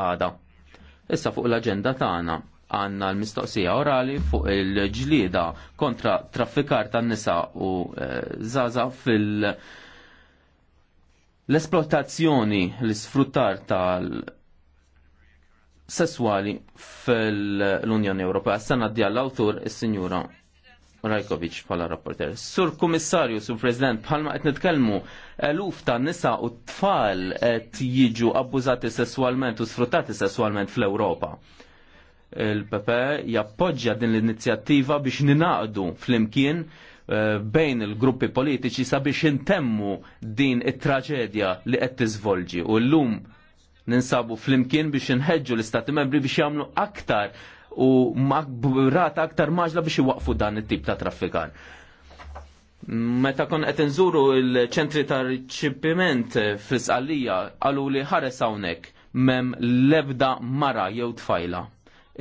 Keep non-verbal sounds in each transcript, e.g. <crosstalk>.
għada. Issa fuq l-agenda tagħna għanna l-mistoqsija orali fuq il-ġlida kontra traffikar tan nisa u eh, zaza fil- l-esplotazzjoni, l-sfruttar tal- sessuali fil-Unjoni Ewropea. Sanna d-dja l-autur, il-Sinjura Rajkovic pala rapporter. Sur kummissarju, sur president, palma qed nitkellmu eluf ta' nisa u tfal qed jiġu abbużati sessualment u sfruttati sessualment fl-Ewropa. Il-PP jappoġġja din l-inizjattiva biex ninaqdu fl-imkien eh, bejn il-gruppi politiċi sabiex intemmu din it-traġedja li qed tiżvolġi u llum ninsabu fl-imkien biex inħeġġu l-istati membri biex jagħmlu aktar u rata aktar maġla biex iwaqfu dan it-tip ta' traffikar. Meta kon qed inżuru l-ċentri ta' riċipiment fl-Isqalija qalu li ħares hawnhekk mem lebda mara jew tfajla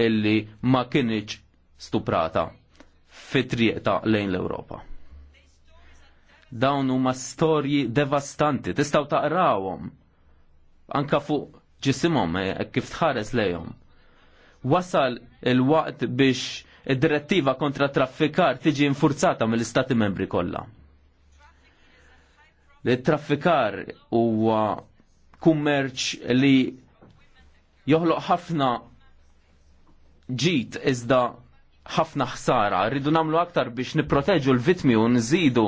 illi ma kienx stuprata fit triqta lejn l-Ewropa. Dawn huma storji devastanti, tistgħu taqrawhom anka fuq ġisimhom eh, kif tħares lejhom Wasal il-waqt biex id-direttiva kontra traffikar tiġi infurzata mill-istati membri kollha. Traffikar huwa kummerċ li joħloq ħafna ġit iżda ħafna ħsara. Rridu namlu aktar biex niproteġu l-vitmi u nżidu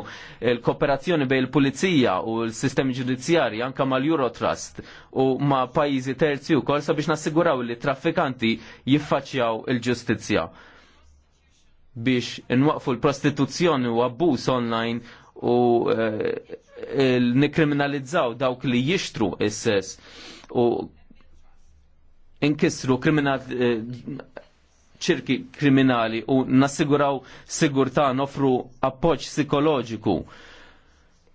l-kooperazzjoni bejn il-pulizija u l-sistemi ġudizzjarji anka mal-Eurotrust u ma' pajjiżi terzi wkoll sabiex nassiguraw li traffikanti jiffaċċjaw il-ġustizzja biex nwaqfu l-prostituzzjoni u abbuż online u eh, nikriminalizzaw dawk li jixtru is-sess u inkisru kriminal eh, ċirki kriminali u nassiguraw sigurtà nofru appoġġ psikoloġiku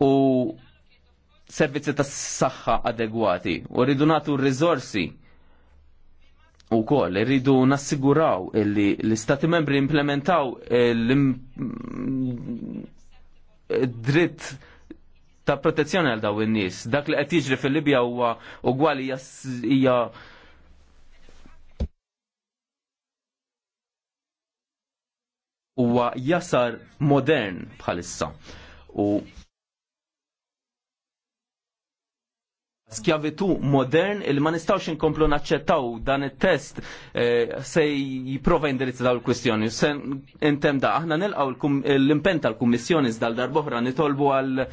u servizzi ta' saħħa adegwati u rridu nagħtu r-riżorsi u koll rridu nassiguraw li l-istati membri implementaw l-dritt mm, ta' protezzjoni għal daw in-nies. Dak li qed jiġri fil-Libja huwa ugwali hija huwa jasar modern bħalissa. U skjavitu modern il ma nistawx inkomplu naċċettaw dan it-test eh, se jiprofa indirizza daw il-kwistjoni. Se intem da, aħna nilqaw l impenta tal-kummissjoni zdal darboħra nitolbu għal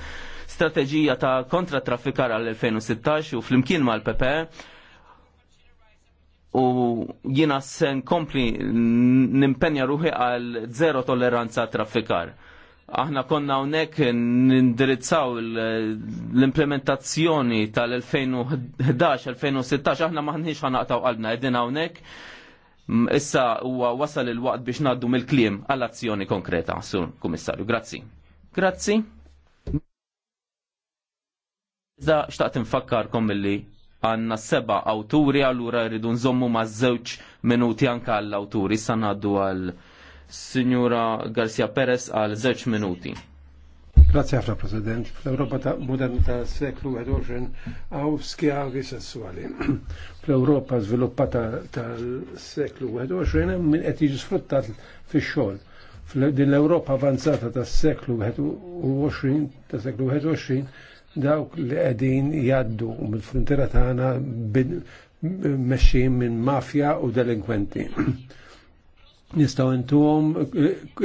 strateġija ta' kontra traffikar għal 2016 u fl-imkien mal-PPE u jina sen kompli nimpenja ruħi għal zero tolleranza traffikar. Aħna konna unnek nindirizzaw l-implementazzjoni tal-2011-2016, aħna maħnix ħanaqtaw qalbna, edina unnek issa huwa wasal il-waqt biex naddu mill-kliem għall-azzjoni konkreta, sur kummissarju. Grazzi. Grazzi. Iżda xtaqt nfakkarkom milli għanna seba awturi allura rridu nżommu ma' żewġ minuti anka għall-awturi. Sanna għaddu għal Signora Garcia Perez għal żewġ minuti. Grazie ħafna President. Fl-Europa ta' modern ta' seklu 21 għaw skjavi sessuali. <clears throat> Fl-Europa sviluppata tal-seklu 21 minn qed jiġi sfruttat fi xogħol l-Europa avanzata tas-seklu 21 ta' seklu 21 dawk li qegħdin jaddu mill frontera tagħna mexxin minn mafja u delinkwenti. Nistgħu intuħom,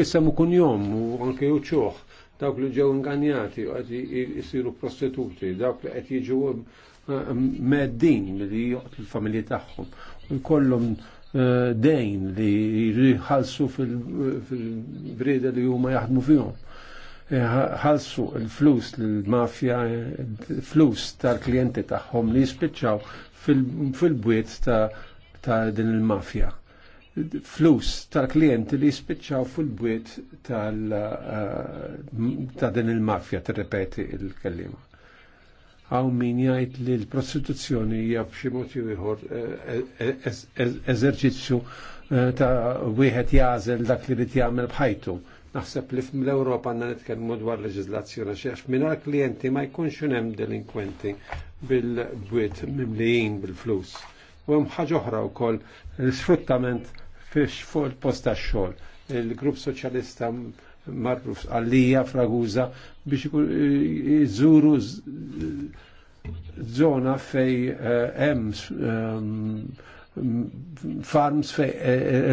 issemmu kun jom u anke uċuħ dawk li ġew inganjati u qed jisiru prostituti, dawk li qed jiġu meddin li juqt il-familji tagħhom. U jkollhom dejn li jħalsu fil-breda li huma jaħdmu fihom ħalsu l-flus l-mafja, flus tal-klienti tagħhom li jispiċċaw fil-bwiet ta' din il-mafja. Flus tal-klienti li jispiċċaw fil-bwiet eh, ta' din il-mafja, tirrepeti il-kellima. Għaw min jgħid li l-prostituzzjoni hija b'xi mod ieħor eh, eh, eżerċizzju ta' wieħed jażel dak li rid jagħmel bħajtu Naħseb li fl-Ewropa għanna nitkellmu dwar xi għax minn klienti ma jkunx hemm delinkwenti bil-bwiet mimlijin bil-flus. U hemm ħaġa oħra wkoll l-sfruttament fiex fuq il-post tax-xogħol. Il-Grupp Soċjalista marruf għallija fraguza biex iżuru zona fej eh, hemm eh, farms fej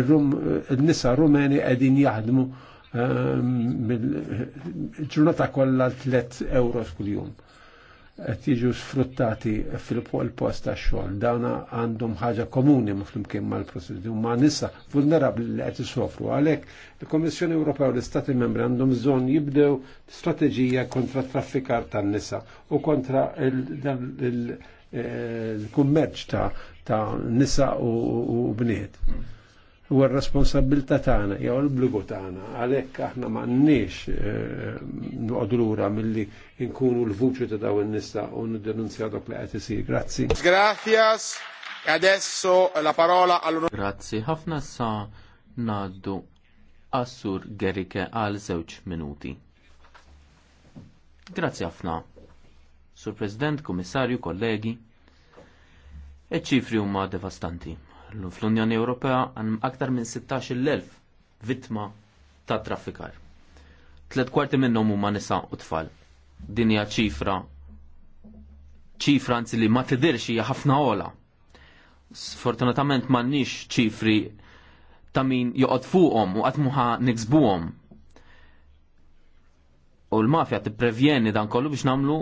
il-nisa eh, rumeni qegħdin jaħdmu Ehm, ġurnata kollha tlet euros kuljum qed jiġu sfruttati fil-post ta' xogħol. Dawna għandhom ħaġa komuni ma' flimkien mal-prostituti ma' nisa vulnerabbli li qed isofru. Għalhekk il-Kommissjoni Ewropea u l-Istati Membri għandhom bżonn jibdew strateġija kontra traffikar tan-nisa u kontra eh, il-kummerċ ta' nisa u bniet u r-responsabilta tagħna jew l-blugu tagħna għalhekk aħna m'għandniex eh, noqogħdu lura milli nkunu l-vuċi ta' daw in-nisa u n-denunzja dok li qed isir. Grazzi. Gracias. Adesso la parola all Grazzi, ħafna sa ngħaddu Assur Gerike għal żewġ minuti. Grazzi ħafna. Sur President, Kummissarju, kollegi, e ċifri huma devastanti Fl-Unjoni Ewropea għan aktar minn 16.000 vittma ta' traffikar. Tlet kwarti minnhom huma nisa u tfal. Din hija ċifra ċifra anzi li ma tidirx hija ħafna ola. Sfortunatament m'għandniex ċifri ta' min joqgħod fuqhom u qatt muħa niksbuhom. U l-mafja tipprevjeni dan kollu biex nagħmlu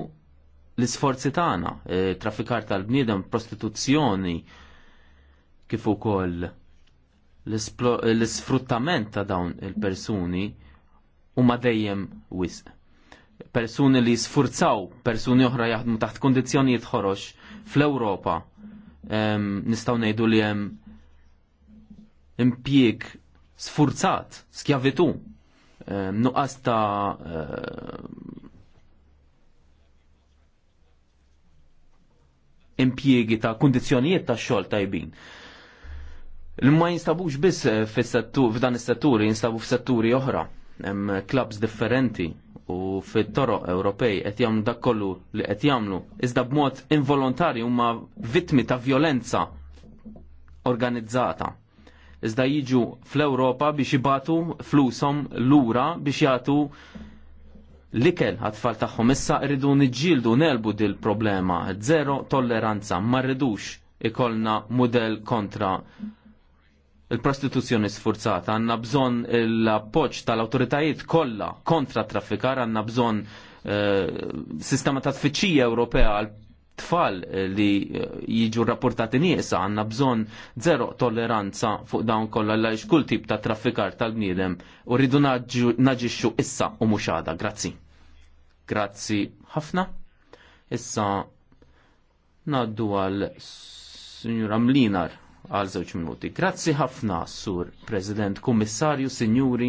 l-isforzi tagħna, eh, traffikar tal-bniedem, prostituzzjoni, kif ukoll l-sfruttament ta' dawn il-persuni huma dejjem wisq. Persuni li sfurzaw persuni oħra jaħdmu taħt kondizzjonijiet ħorox fl-Ewropa nistgħu ngħidu li hemm impjieg sfurzat, skjavitu, nuqqas ta' impjiegi ta' kundizzjonijiet ta' xogħol tajbin. Ma jinstabux biss eh, f'dan is-setturi, jinstabu f'setturi oħra, hemm klabs eh, differenti u fit-toroq Ewropej qed jagħmlu dak kollu li qed jagħmlu iżda b'mod involontari huma vittmi ta' violenza organizzata. Iżda jiġu fl-Ewropa biex jibatu flusom lura biex jagħtu l-ikel għat-tfal tagħhom issa rridu niġġieldu nelbu dil problema zero tolleranza ma rridux ikolna model kontra il-prostituzzjoni sforzata, għanna bżon l-appoċ tal-autoritajiet kollha kontra traffikar, għanna bżon eh, sistema ta' tfittxija Ewropea għal tfal li eh, jiġu rapportati nieqsa għanna bżon zero tolleranza fuq dawn kollha l kull tip ta' traffikar tal-bniedem u rridu naġixxu issa u mhux Grazzi. Grazzi ħafna. Issa naddu għal Signora Mlinar għal żewġ minuti. Grazzi ħafna, Sur President, Kummissarju, Sinjuri.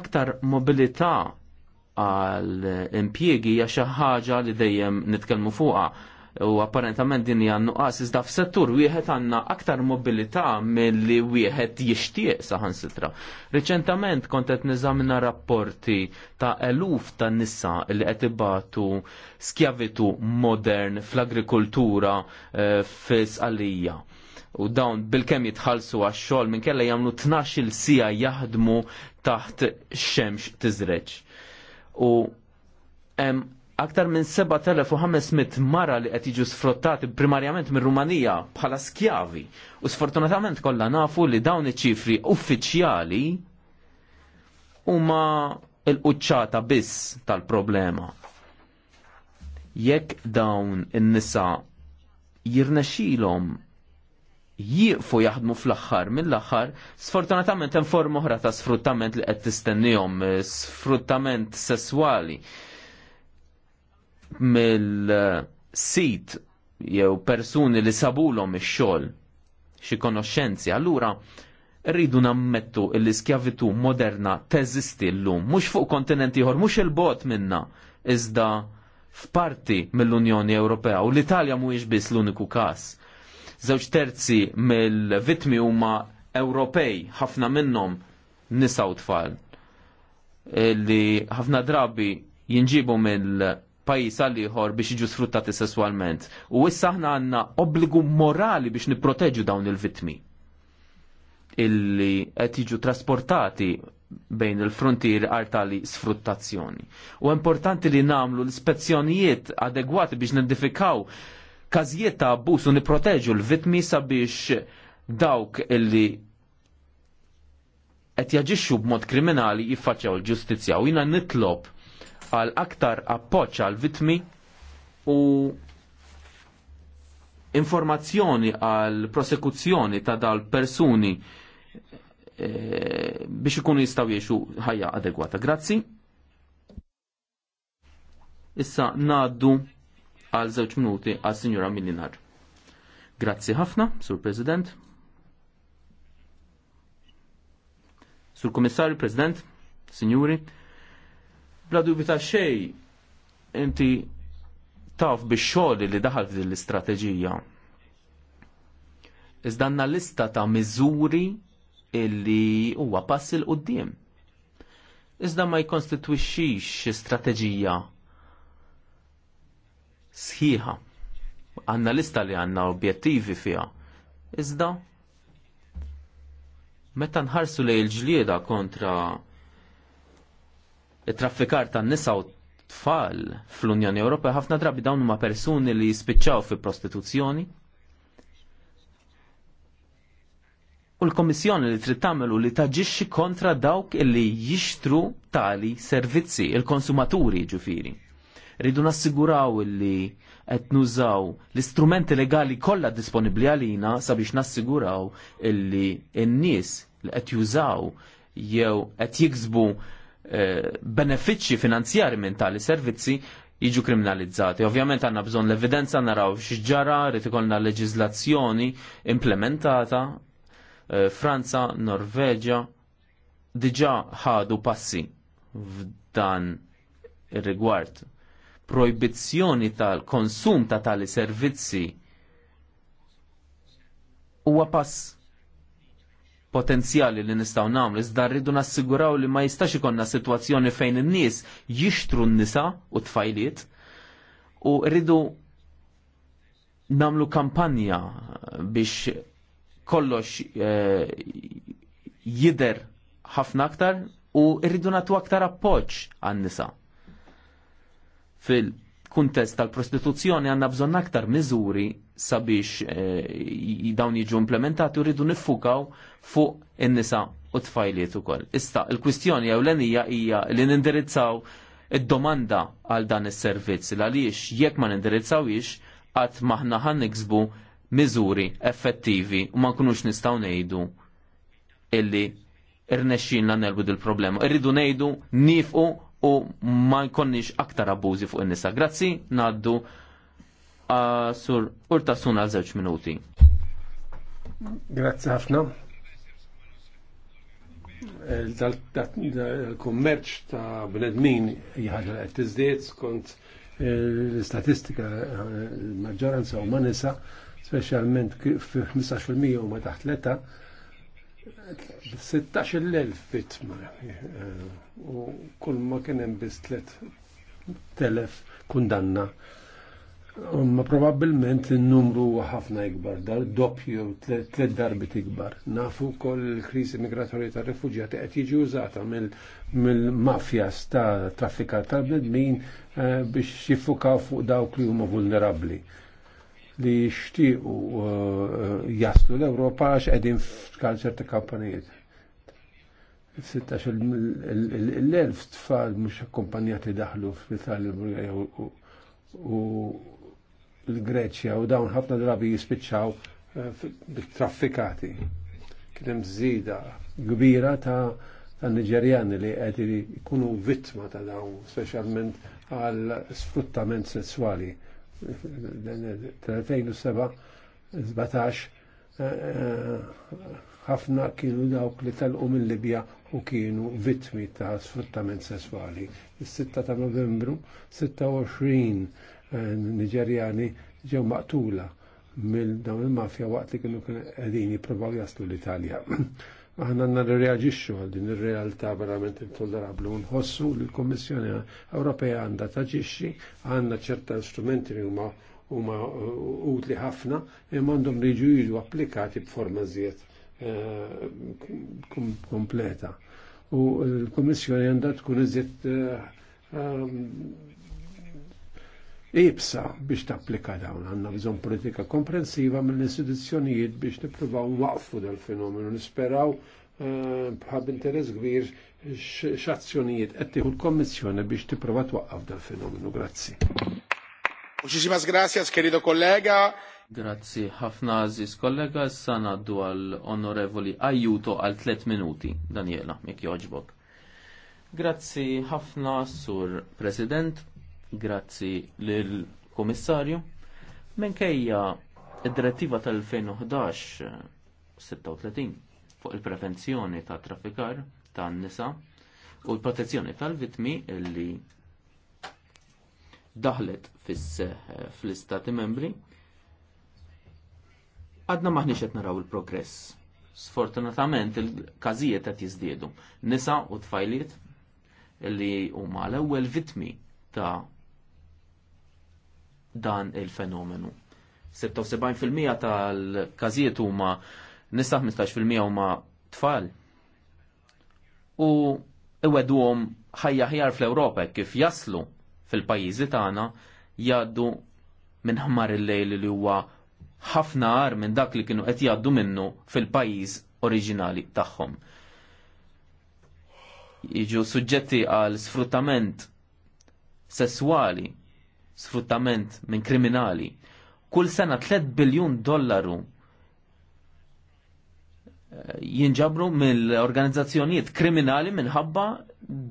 Aktar mobilità għal impjiegi hija xi ħaġa li dejjem nitkellmu fuqha u apparentament din hija nuqqas iżda f'settur wieħed għandna aktar mobilità milli wieħed jixtieq saħansitra. Riċentament kont qed niżamina rapporti ta' eluf ta' nisa li qed ibatu skjavitu modern fl-agrikoltura eh, fis-qalija u dawn bil-kem jitħalsu għax-xogħol minn kella jagħmlu 12-il sija jaħdmu taħt xemx tiżreġ. U aktar minn 7500 mara li qed jiġu sfruttati primarjament minn Rumanija bħala skjavi. U sfortunatament kollha nafu li dawn iċ-ċifri uffiċjali huma l-quċċata biss tal-problema. Jekk dawn in-nisa jirnexilhom jieqfu jaħdmu fl-axħar, mill-axħar, sfortunatament hemm form oħra ta' sfruttament li qed tistennihom, eh, sfruttament sesswali mill-sit jew persuni li sabulhom ix-xogħol xi konoxxenzi, allura rridu nammettu l-iskjavitu moderna teżisti llum, mhux fuq kontinent ieħor, mhux il-bot minna, iżda f'parti mill-Unjoni Ewropea u l-Italja mhuwiex biss l-uniku każ. Żewġ terzi mill-vitmi huma Ewropej, ħafna minnhom nisa u tfal li ħafna drabi jinġibu mill pajis għal ieħor biex jiġu sfruttati sessualment. U issa aħna għandna obbligu morali biex nipproteġu dawn il-vittmi illi qed jiġu trasportati bejn il-frontier għal tali sfruttazzjoni. U importanti li namlu l-ispezzjonijiet adegwati biex nidifikaw każijiet ta' abbuż u nipproteġu l-vittmi sabiex dawk illi qed jaġixxu b'mod kriminali jiffaċċjaw il-ġustizzja u jiena nitlob għal aktar appoċ għal vitmi u informazzjoni għal prosekuzzjoni ta' dal persuni e, biex ikunu jistaw jiexu ħajja adegwata. Grazzi. Issa naddu għal żewġ minuti għal signora Millinar. Grazzi ħafna, Sur President. Sur Komissarju President, Signori, Bla dubi ta' xej, inti taf biex xogħol li daħal f'din l-istrateġija. Iżda għandna lista ta' miżuri illi huwa pass il qudiem Iżda ma jkonstitwixxix strateġija sħiħa. Għanna lista li għanna objettivi fiha. Iżda meta nħarsu lejn il-ġlieda kontra it-traffikar tan nisa u tfal fl-Unjoni Ewropea ħafna drabi dawn huma persuni li jispiċċaw fi prostituzzjoni. U l-Komissjoni li trid tagħmel li taġixxi kontra dawk li jixtru tali servizzi, il-konsumaturi ġifiri. Rridu nassiguraw li qed nużaw l-istrumenti legali kollha disponibbli għalina sabiex nassiguraw li n-nies li qed jużaw jew qed jiksbu Eh, benefiċċji finanzjari minn tali servizzi jiġu kriminalizzati. Ovvjament għanna bżon l-evidenza naraw xġara, rrit ikollna leġizlazzjoni implementata, eh, Franza, Norveġa, diġa ħadu passi f'dan ir-rigward. Proibizzjoni tal-konsum ta' tali servizzi huwa pass potenzjali li nistaw namlu, iżda rridu nassiguraw li ma jistax ikonna situazzjoni fejn in-nies jixtru n-nisa u tfajliet u rridu namlu kampanja biex kollox eh, jider ħafna aktar u rridu natu aktar appoċ għan-nisa. Fil-kuntest tal-prostituzzjoni għanna bżonn aktar miżuri sabiex eh, dawn jiġu implementati u rridu nifukaw fuq in-nisa u tfajliet ukoll. Issa, il-kwistjoni ewlenija hija li nindirizzaw id-domanda għal dan is-servizz l għaliex jekk ma nindirizzawiex qatt maħna ħan miżuri effettivi u ma nkunux nistgħu ngħidu illi irnexxin lan nelbu dil-problema. Irridu ngħidu nifqu u ma jkonniex aktar abbużi fuq in-nisa. Grazzi, ngħaddu Uh, sur urta sun għal żewġ minuti. Grazie ħafna. Il-kommerċ eh, ta' bnedmin jħagħal qed tiżdied skont eh, l-istatistika eh, maġġoranza huma nisa, specialment fi 15% u ma' taħt l-età, 16.000 vittma u kull ma kienem bis 3.000 kundanna Ma probabbilment il-numru ħafna ikbar, dar doppju, tlet darbit ikbar. Nafu kol il-krizi migratorja ta' refugjati qed jiġi użata mill-mafjas ta' traffika tal-bnedmin eh, biex jiffukaw fuq dawk li huma vulnerabli li jixtiequ eh, jaslu l-Ewropa għax qegħdin f'kanċer ta' kampanijiet. 16 l-elf tfal mhux akkumpanjati daħlu fl-Italja u l-Greċja u dawn ħafna drabi jispiċċaw eh, traffikati. hemm zida kbira ta' ta' Nigerjani li għediri jkunu vittma ta' dawn, speċjalment għal sfruttament sessuali. Tal-2007 eh, eh, ħafna kienu dawk li talqu minn Libja u kienu vittmi ta' sfruttament sessuali. Is-6 ta' Novembru 26 Eh, Nigerjani ġew maqtula mill dawn il-mafja waqt li kienu qegħdin jippruvaw jaslu l-Italja. <clears throat> Aħna għandna nirreaġixxu għal din ir-realtà verament intollerabbli u nħossu li l-Kummissjoni Ewropea għandha taġixxi, għandna ċerta strumenti li huma huma utli ħafna imma għandhom li jiġu applikati b'forma żied eh, kompleta. U l-Kummissjoni għandha tkun iżjed eh, ibsa biex tapplika dawn. Għanna bżon politika komprensiva mill-istituzzjonijiet biex nippruvaw waqfu dal-fenomenu. Nisperaw eh, bħab interess kbir x'azzjonijiet qed tieħu l-Kommissjoni biex tipprova twaqqaf dal-fenomenu. Grazzi. Muchísimas gracias, querido kollega. Grazzi ħafna aziz kollega, issa ngħaddu għall onorevoli Ajuto għal tliet minuti, Daniela, jekk joġbok. Grazzi ħafna sur President, Grazzi lill-Kummissarju. Minkejja id-direttiva tal-2011 36 fuq il-prevenzjoni ta' traffikar ta' nisa u l-protezzjoni tal-vitmi li daħlet fl-istati membri għadna maħniċ qed naraw il-progress. Sfortunatament il-każijiet qed jiżdiedu. Nisa u tfajliet li huma l-ewwel vitmi ta' dan il-fenomenu. 76% tal-każijiet huma nisa 15% huma tfal. U iwedwhom ħajja ħjar fl-Ewropa kif jaslu fil-pajjiżi tagħna jgħaddu minn ħmar il-lejl li huwa ħafna għar minn dak li kienu qed jgħaddu minnu fil-pajjiż oriġinali tagħhom. Jiġu suġġetti għal sfruttament sesswali sfruttament minn kriminali. Kull sena 3 biljun dollaru eh, jinġabru mill-organizzazzjonijiet kriminali minħabba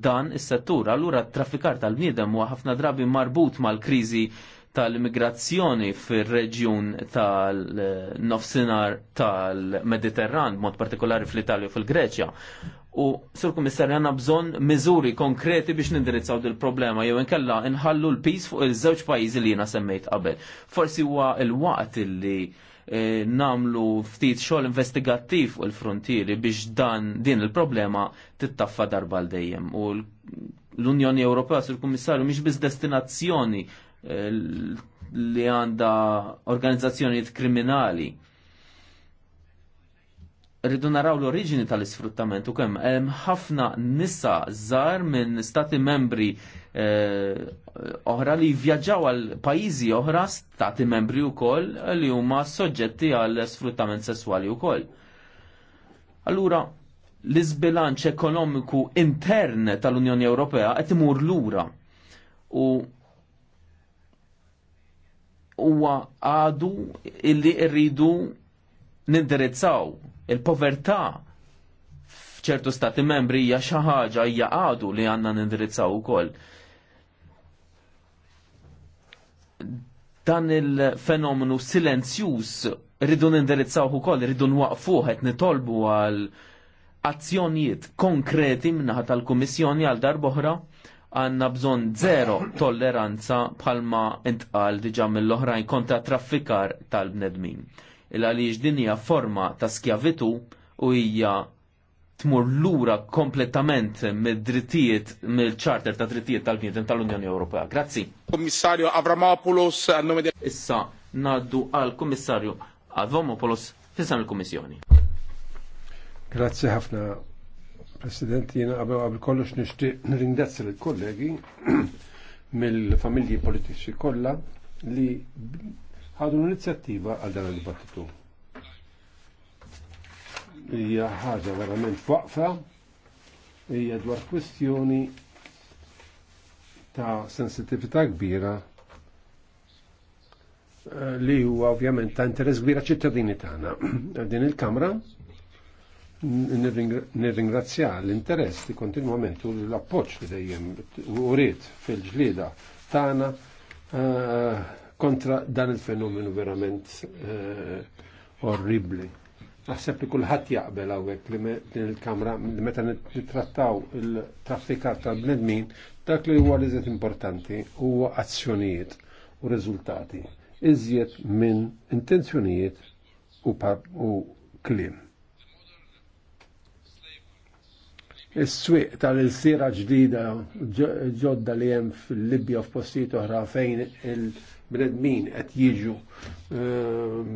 dan is-settur. Allura traffikar tal-bniedem huwa ħafna drabi marbut mal-kriżi tal-immigrazzjoni fir-reġjun tal-nofsinar tal-Mediterran, mod partikolari fl-Italja u fil-Greċja. U sur Kummissarja għanna bżon miżuri konkreti biex nindirizzaw dil problema jew inkella nħallu l-pis fuq il-żewġ pajjiżi li jiena semmejt qabel. Forsi huwa l-waqt li eh, namlu ftit xogħol investigattiv u l-frontieri biex dan din il-problema tittaffa darba l dejjem. U l-Unjoni Ewropea sur kummissarju mhix biss destinazzjoni li għanda organizzazzjonijiet kriminali. Rridu naraw l-oriġini tal-isfruttament u kem hemm ħafna nisa żar minn stati membri eh, oħra li vjaġġaw għal pajjiżi oħra stati membri wkoll li huma soġġetti għal sfruttament sesswali wkoll. Allura, l-izbilanċ ekonomiku intern tal-Unjoni Ewropea qed imur lura. U huwa għadu illi rridu nindirizzaw il-povertà f'ċertu stati membri hija xi ħaġa hija għadu li għandna nindirizzaw ukoll. Dan il-fenomenu silenzjuż rridu nindirizzaw ukoll, rridu nwaqfuh qed nitolbu għal azzjonijiet konkreti minnaħa tal-Kummissjoni għal oħra għanna bżon zero tolleranza bħalma intqal diġa mill-oħrajn kontra traffikar tal-bnedmin. Il-għaliex din hija forma ta' skjavitu u hija tmur lura kompletament mid-drittijiet, mill charter ta' drittijiet tal bnedmin tal-Unjoni Ewropea. Grazzi. Kommissarju Avramopoulos, għannome di... Issa, naddu għal kommissarju Avramopoulos, fissan il-Kommissjoni. Grazzi ħafna, President, jena għabel għabel kollox nishtiq nringdazzi l-kollegi <clears throat> mill-familji politiċi kolla li ħadu l-inizjattiva għal dan il-dibattitu. Hija ħaġa verament waqfa, hija dwar kwestjoni ta' sensitivita kbira eh, li huwa ovvjament ta' interess kbira ċittadini tagħna. <clears throat> Din il-Kamra nirringrazzja l-interess li kontinwament u l-appoċ li dejjem u rrit fil-ġlida tagħna eh, kontra dan il-fenomenu verament eh, orribli. Naħseb li kulħadd jaqbel hawnhekk li din il-kamra li meta nittrattaw il-traffikat tal-bnedmin dak li huwa li importanti huwa azzjonijiet u riżultati iżjed minn intenzjonijiet u, u Is-swieq tal-sira ġdida ġodda li hemm fil-Libja f'postijiet oħra fejn il-bredmin qed jiġu ehm,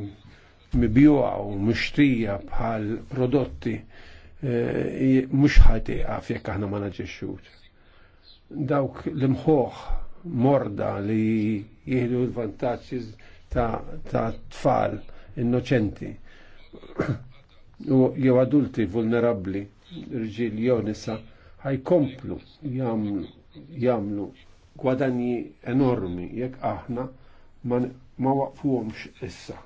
mibjuwa u mixtrija bħal prodotti eh, mhux ħatiqaf jekk aħna ma naġixxux. Dawk l imħuħ morda li jieħdu l-vantaġġi ta' tfal innoċenti <clears throat> u jew adulti vulnerabbli irġil jew nisa ħajkomplu jagħmlu jagħmlu gwadanji enormi jekk aħna ma waqfuhomx issa.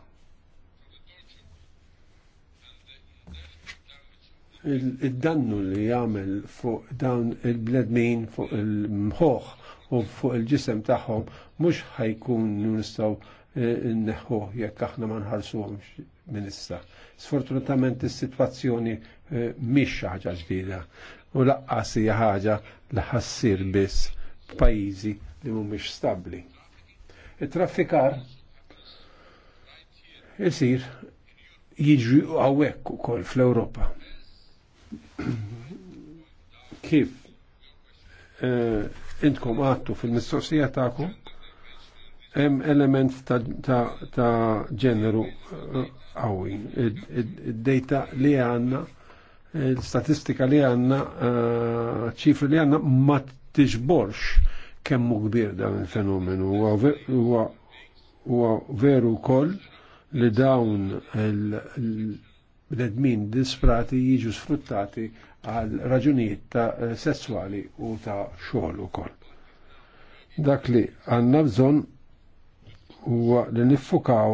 id-dannu li jagħmel fuq dawn il-bledmin fuq il-mħoħ u fuq il-ġisem tagħhom mhux ħajkun nistgħu neħu jekk aħna ma nħarsuhomx Minista. Sfortunatament is-sitwazzjoni eh, mhix ħaġa ġdida u laqqas hija ħaġa li ħassir biss pajjiżi li mhumiex stabbli. It-traffikar isir jiġri għawek u fl-Europa. Kif eh, intkom għattu fil-mistoqsija ta'kom, hemm element ta' ġeneru qawwi. Eh, Id-data li għandna, l-statistika li għandna, eh, ċifri li għandna ma tiġborx kemmu kbir dan il-fenomenu. Huwa veru wkoll li dawn l-edmin disprati jiġu sfruttati għal raġunijiet ta' sessuali u ta' xogħol ukoll. Dak li għandna bżonn huwa li niffukaw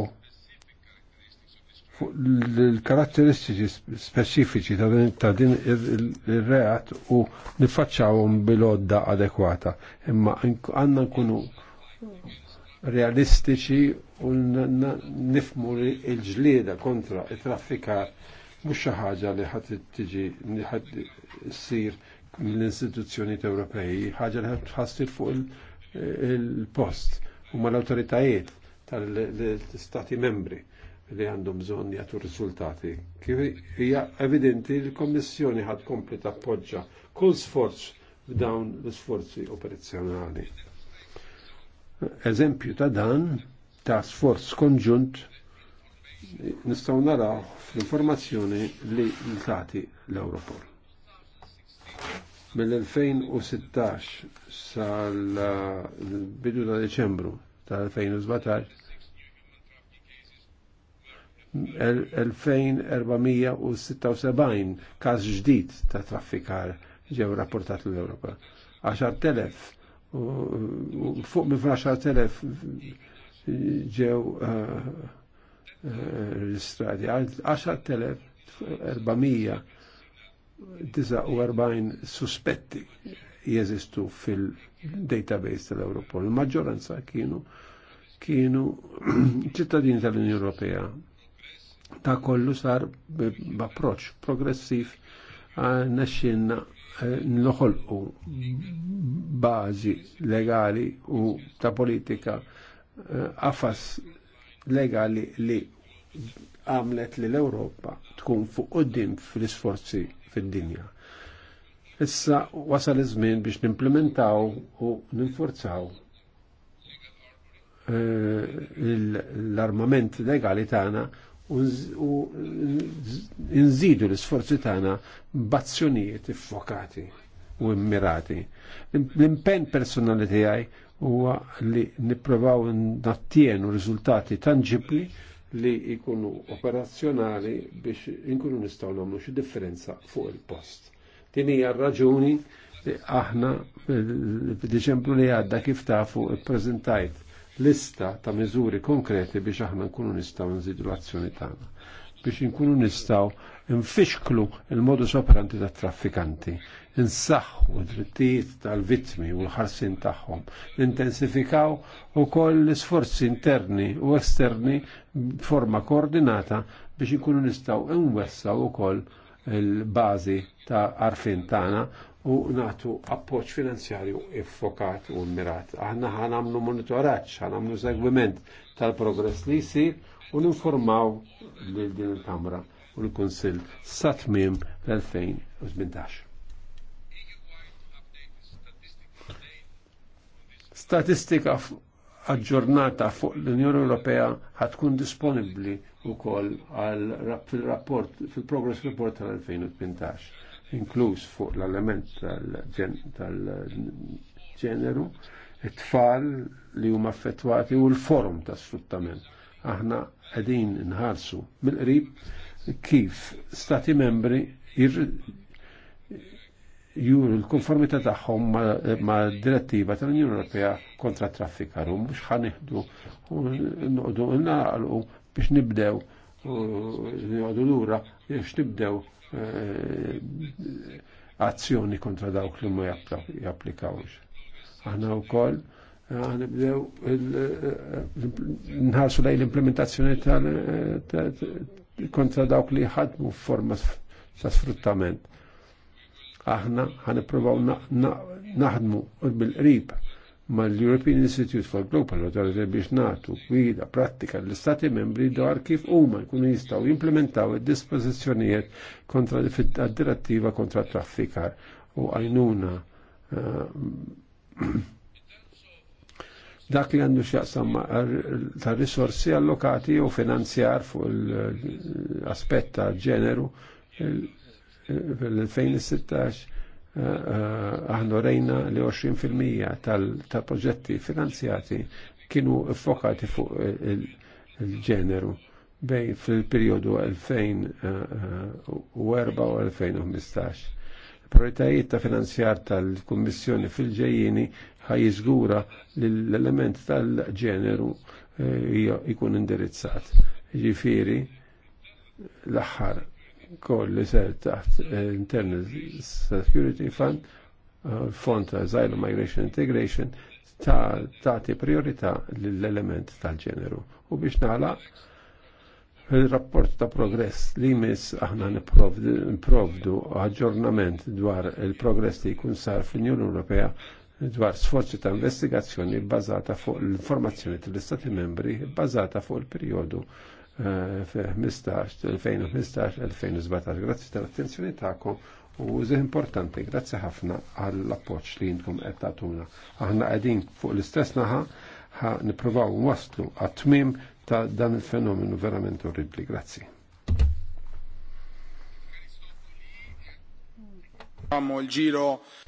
fuq l-karatteristiċi speċifiċi ta' din ir-reat u niffaċċawhom bil-odda adekwata. Imma għandna nkunu realistiċi u nifmu il-ġlieda kontra it-traffika mhux xi ħaġa li ħadd tiġi ħadd issir mill-istituzzjoni Ewropej, ħaġa li ħassir fuq il-post u mal-awtoritajiet tal-stati membri li għandhom bżonn jagħtu riżultati. Kif hija evidenti l-Kommissjoni ħad kompli tappoġġa kull sforz f'dawn l-sforzi operazzjonali. Eżempju ta' dan ta' sforz konġunt nistgħu naraw fl-informazzjoni li l l-Europol. Mill-2016 sal-bidu ta' Deċembru tal-2017 2476 każ ġdid ta' traffikar ġew rapportat l-Ewropa. 10.000 fuq minn 10.000 ġew uh, uh, registrati, 10.449 suspetti jeżistu fil-database tal-Europol. Il-maġġoranza kienu kienu <clears throat> ċittadini tal-Unjoni Ewropea Ta' kollu sar b'approċċ progressiv naxxinna eh, noħolqu bażi legali u ta' politika qafas eh, legali li għamlet li l-Ewropa tkun fuq qudiem fl-isforzi fid-dinja. Issa wasal iż-żmien biex nimplementaw u ninforzaw eh, l-armament legali tagħna u nżidu l-isforzi tagħna b'azzjonijiet iffokati u immirati. L-impenn personali tiegħi huwa li nipprovaw nattienu riżultati tangibli li jkunu operazzjonali biex inkunu nistgħu nagħmlu xi differenza fuq il-post. Din hija raġuni li aħna f'Diċembru li għadda kif tafu ippreżentajt lista ta' miżuri konkreti biex aħna nkunu nistgħu nżidu l-azzjoni tagħna biex nkunu nistgħu nfixklu il-modus operandi tat traffikanti, insaħħu d-drittijiet tal-vittmi u l-ħarsin tagħhom, intensifikaw ukoll l-isforzi interni u esterni b'forma koordinata biex nkunu nistgħu nwessaw ukoll il-bażi ta' arfin tagħna u natu appoċ finanzjarju iffokat u mirat. Aħna għamlu monitoraċ, għamlu segwiment tal-progress li jisir u ninformaw li din il-Kamra u l-Konsil Satmim l-2018. Statistika aġġornata fuq l-Unjoni Ewropea ħatkun disponibli wkoll għal fil-rapport fil-progress report tal-2018 inkluż fuq l-element tal-ġeneru, it-tfal li huma affettwati u l-forum ta' sfruttament. Aħna qegħdin nħarsu mill-qrib kif stati membri juru l-konformità tagħhom ma' direttiva tal-Unjoni Ewropea kontra traffikaru mhux ħanieħdu u noqdu naqalqu biex nibdew u l-ura biex nibdew Eh, azzjoni kontra dawk li ma japplikawx. Aħna wkoll eh, nibdew eh, nħarsu lej l-implementazzjoni kontra dawk li ħadmu f-forma ta' sfruttament. Aħna ħaniprovaw naħdmu bil-qrib Ma' l european Institute for Global Authority biex natu kwida pratika l-istati membri dwar kif huma jkunu jistgħu jimplementaw id-dispożizzjonijiet kontra direttiva kontra traffikar u għajnuna dak li għandu xjaqsam ta' risorsi allokati u finanzjar fuq l-aspett ta' ġeneru fil-2016 Eh, eh, aħna rejna li 20% tal-proġetti finanzjati kienu fokati fuq il-ġeneru bej fil-periodu 2004 eh, u 2015. Prioritajiet ta' finanzjar tal-Kummissjoni fil-ġejjini ħajizgura li l-element tal-ġeneru jkun indirizzat. Ġifiri, l-axħar koll li ser taħt eh, Internal Security Fund, eh, Fond ta' Asylum Migration Integration, ta' tagħti priorità l-element tal-ġeneru. U biex naħla, il-rapport ta' progress li mis aħna niprovdu aġġornament dwar il-progress li jkun sar fl-Unjoni Ewropea dwar sforzi ta' investigazzjoni bbażata fuq l-informazzjoni tal-Istati membri bbażata fuq il periodu 2015-2017. Grazzi tal-attenzjoni ta'kom u użih importanti, grazzi ħafna għall-appoċ li jintkom qed Aħna qegħdin fuq l-istess naħa ħa nippruvaw waslu għatmim ta' dan il-fenomenu verament orribli. Grazzi.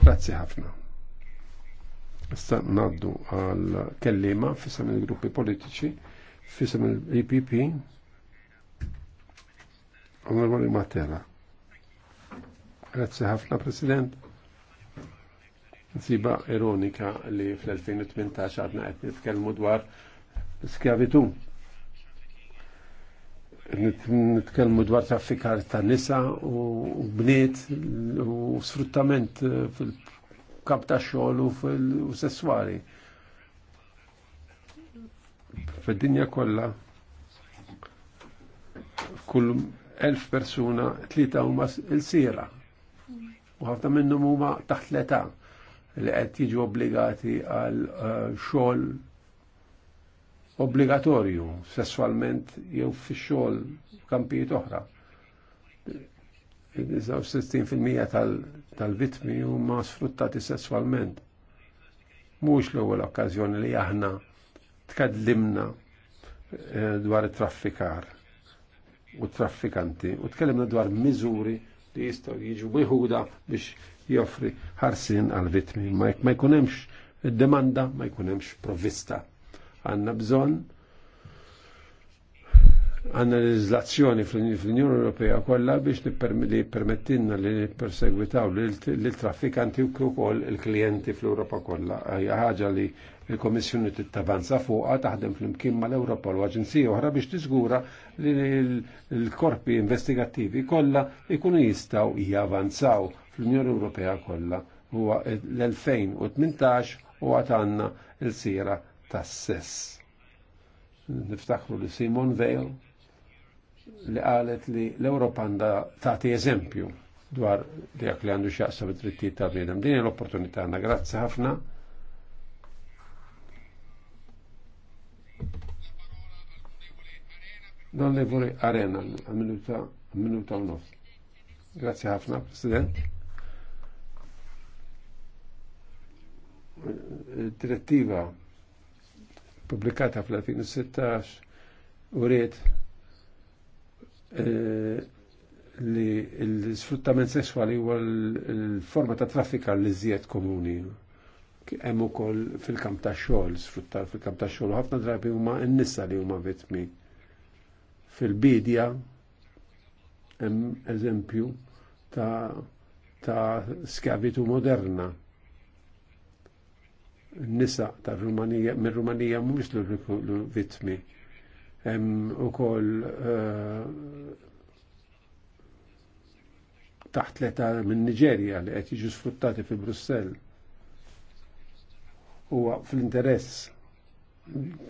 Grazzi ħafna. Sta' naddu għal kellima fissam il-gruppi politiċi, fissam il-EPP, Onorevoli Matera. Grazie ħafna, President. Nsiba ironika li fl-2018 għadna qed nitkellmu dwar skjavitu. Nitkellmu dwar traffikar ta' nisa u bniet u sfruttament fil kap ta' xogħol u fil-sessuali. Fid-dinja kollha kull elf persuna, tlita huma il-sira. U ħafna minnhom huma taħt l-età li qed jiġu obbligati għal eh, xogħol obbligatorju sessualment jew fix-xogħol f'kampijiet oħra. mija tal-vitmi huma sfruttati sessualment. Mhux l-ewwel okkażjoni li aħna tkadlimna eh, dwar it-traffikar u traffikanti u tkellimna dwar miżuri li jistgħu jiġu meħuda biex joffri ħarsin għal vitmi. Ma jkun hemmx demanda, ma jkun hemmx provvista. Għandna bżonn għanna legislazzjoni fl-Unjoni Ewropea kollha biex li permettinna li li l-traffikanti u koll il-klijenti fl-Ewropa kollha. Hija ħaġa li il-Komissjoni tittavanza fuqha taħdem fl-imkien mal europa u aġenzija oħra biex tiżgura li l-korpi investigattivi kollha ikunu jistgħu javanzaw fl-Unjoni Ewropea kollha huwa l-2018 u għatanna il-sira tas-sess. Niftakru li Simon Veil li għalet li l europa għanda tagħti eżempju dwar li għak li għandu xaqsa bit-drittijiet ta' bnedem. Din l-opportunità għanna, grazzi ħafna. Don le vorrei arena, minuta, minuta u nos. Grazie ħafna, President. Direttiva pubblicata fl-2016 u rrit Eh, li l-sfruttament sessuali huwa l-forma ta' traffika li żjed komuni. Hemm ukoll fil-kamp ta' xogħol, sfruttar fil-kamp ta' xogħol, ħafna drabi huma n-nisa li huma vittmi. Fil-bidja hemm eżempju ta' ta' skabitu moderna nisa ta' Rumanija, minn Rumanija mhumiex l-vittmi hemm ukoll eh, taħt leta minn Niġerja li qed jiġu sfruttati fi Brussell. Huwa fl-interess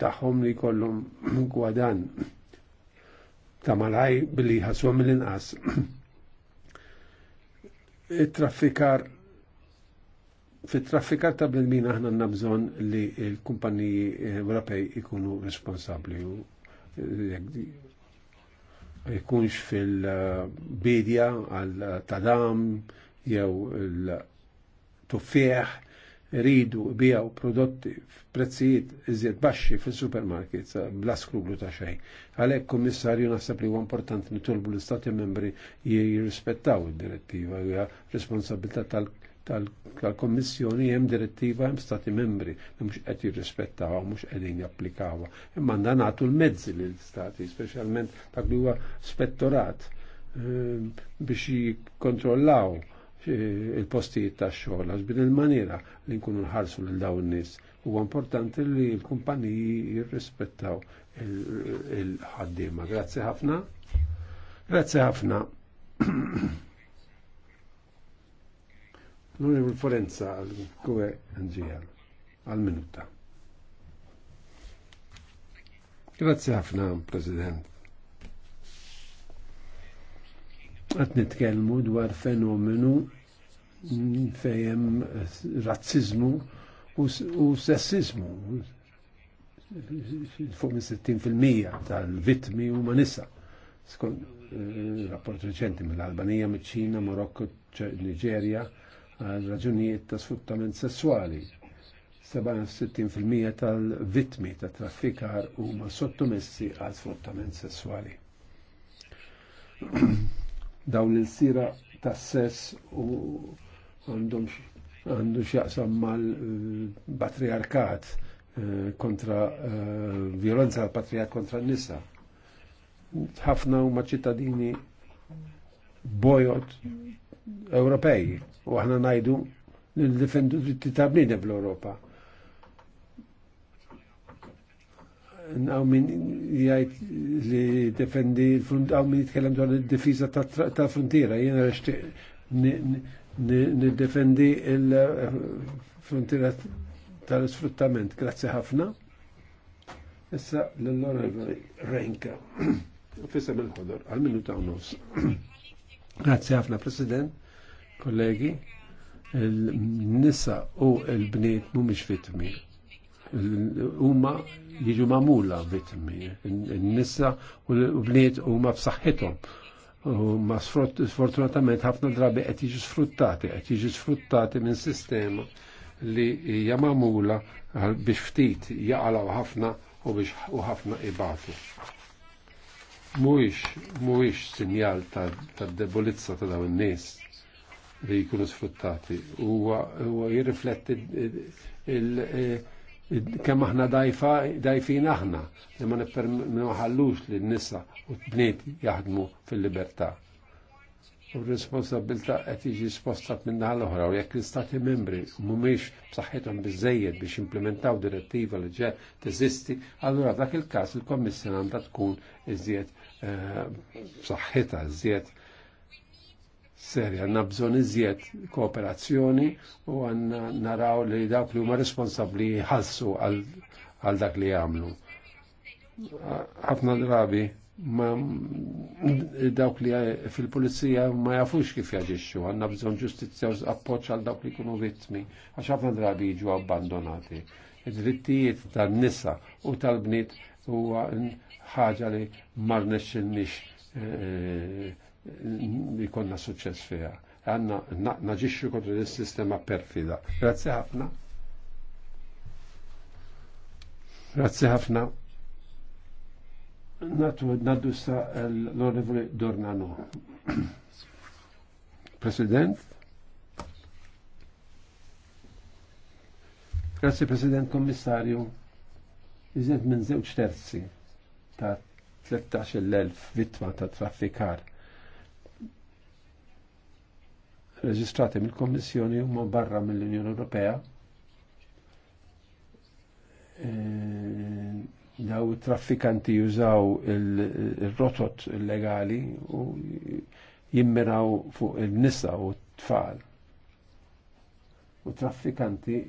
tagħhom li jkollhom <clears throat> gwadan ta' malaj billi ħaswhom mill-inqas. <clears throat> It-traffikar fit-traffikar ta' bnedmin aħna għandna bżonn li l-kumpaniji Ewropej ikunu responsabbli jekunx fil-bidja għal tadam jew il-tuffieħ ridu bijaw prodotti prezzijiet iżjed baxxi fil-supermarkets bla skrublu ta' xejn. Għalek kommissarju nasab li huwa importanti nitolbu l-Istati membri jirrispettaw id-direttiva responsabilità tal- tal-Kommissjoni hemm direttiva hemm stati membri li mhux qed jirrispettawha mhux qegħdin japplikawha. Imma nagħtu l-mezzi lill stati, speċjalment dak li huwa spettorat ehm, biex jikkontrollaw eh, il-postijiet tax-xogħol għax il-maniera li nkunu nħarsu lil dawn nies. Huwa importanti li l-kumpaniji jirrispettaw il-ħaddiema. Grazzi ħafna. Grazzi ħafna. <clears throat> L-Onorevole Forenza għal-Kue NGL għal-minuta. Grazie ħafna, President. Għat nitkelmu dwar fenomenu fejem razzizmu u sessizmu. Fuq minn 60% tal-vitmi u manissa. Skon eh, rapport reċenti mill-Albanija, mill-ċina, Marokko, Nigeria għal raġunijiet ta' sfruttament sessuali. 67% tal-vittmi ta' traffikar huma sottomessi għal sfruttament sessuali. <clears throat> Dawn il-sira ta' sess u għandhom għandu xjaqsam mal-patriarkat eh, kontra eh, violenza patriarkat kontra n-nisa. ħafna huma ċittadini bojot Ewropej u għahna najdu li defendu dritti ta' bniedem fl-Ewropa. Għaw min jgħajt li defendi, għaw min jitkellem dwar il-difiza ta' frontiera, jena reċti nid-defendi il-frontiera tal-sfruttament. Grazie ħafna. Issa l-onorevoli Renka. Fissa mill-ħodor, għal-minuta u nofs. Grazie ħafna, President Kollegi, il-nisa u il bniet mhumiex vittmi. Huma jiġu mamula vitmi. Il-nisa u l-bniet huma b'saħħithom. Ma sfortunatament ħafna drabi qed jiġu sfruttati, qed jiġu sfruttati minn sistema li hija magħmula biex ftit jaqalaw ħafna u biex u ħafna ibatu. Mhuwiex mhuwiex sinjal ta' debolizza ta' dawn in-nies li jkunu sfruttati. U jirrifletti kemm aħna dajfin aħna li ma nippermeħallux li n-nisa u t bniet jaħdmu fil-libertà. U responsabilta qed jiġi spostat minn naħa l-oħra u jekk l-istati membri mhumiex b'saħħithom biżejjed biex implementaw direttiva li ġej teżisti, allura dak il-każ il-Kommissjoni għandha tkun iżjed eh, b'saħħitha iżjed serja. Għanna bżon iżjed kooperazzjoni u għanna naraw li dawk li huma responsabli ħassu għal dak li għamlu. Ħafna drabi ma dawk li fil-pulizija ma jafux kif jaġixxu, għanna bżon ġustizja u appoċ għal dawk li kunu vittmi, għax ħafna drabi jiġu abbandonati. Id-drittijiet tal nisa u tal bnit huwa ħaġa li mar nix jikonna suċċess fija. Għanna naġiċu kontra l-sistema perfida. Grazie ħafna. Grazie ħafna. Natu naddu sa l-Onorevole Dornano. President. Grazie President Kommissarju. Iżed minn zewċ terzi ta' 13.000 vittma ta' traffikar reġistrati mill-Kommissjoni huma barra mill-Unjoni Ewropea. E, daw traffikanti jużaw il-rotot illegali u jimmiraw fuq il-nisa u t-tfal. U traffikanti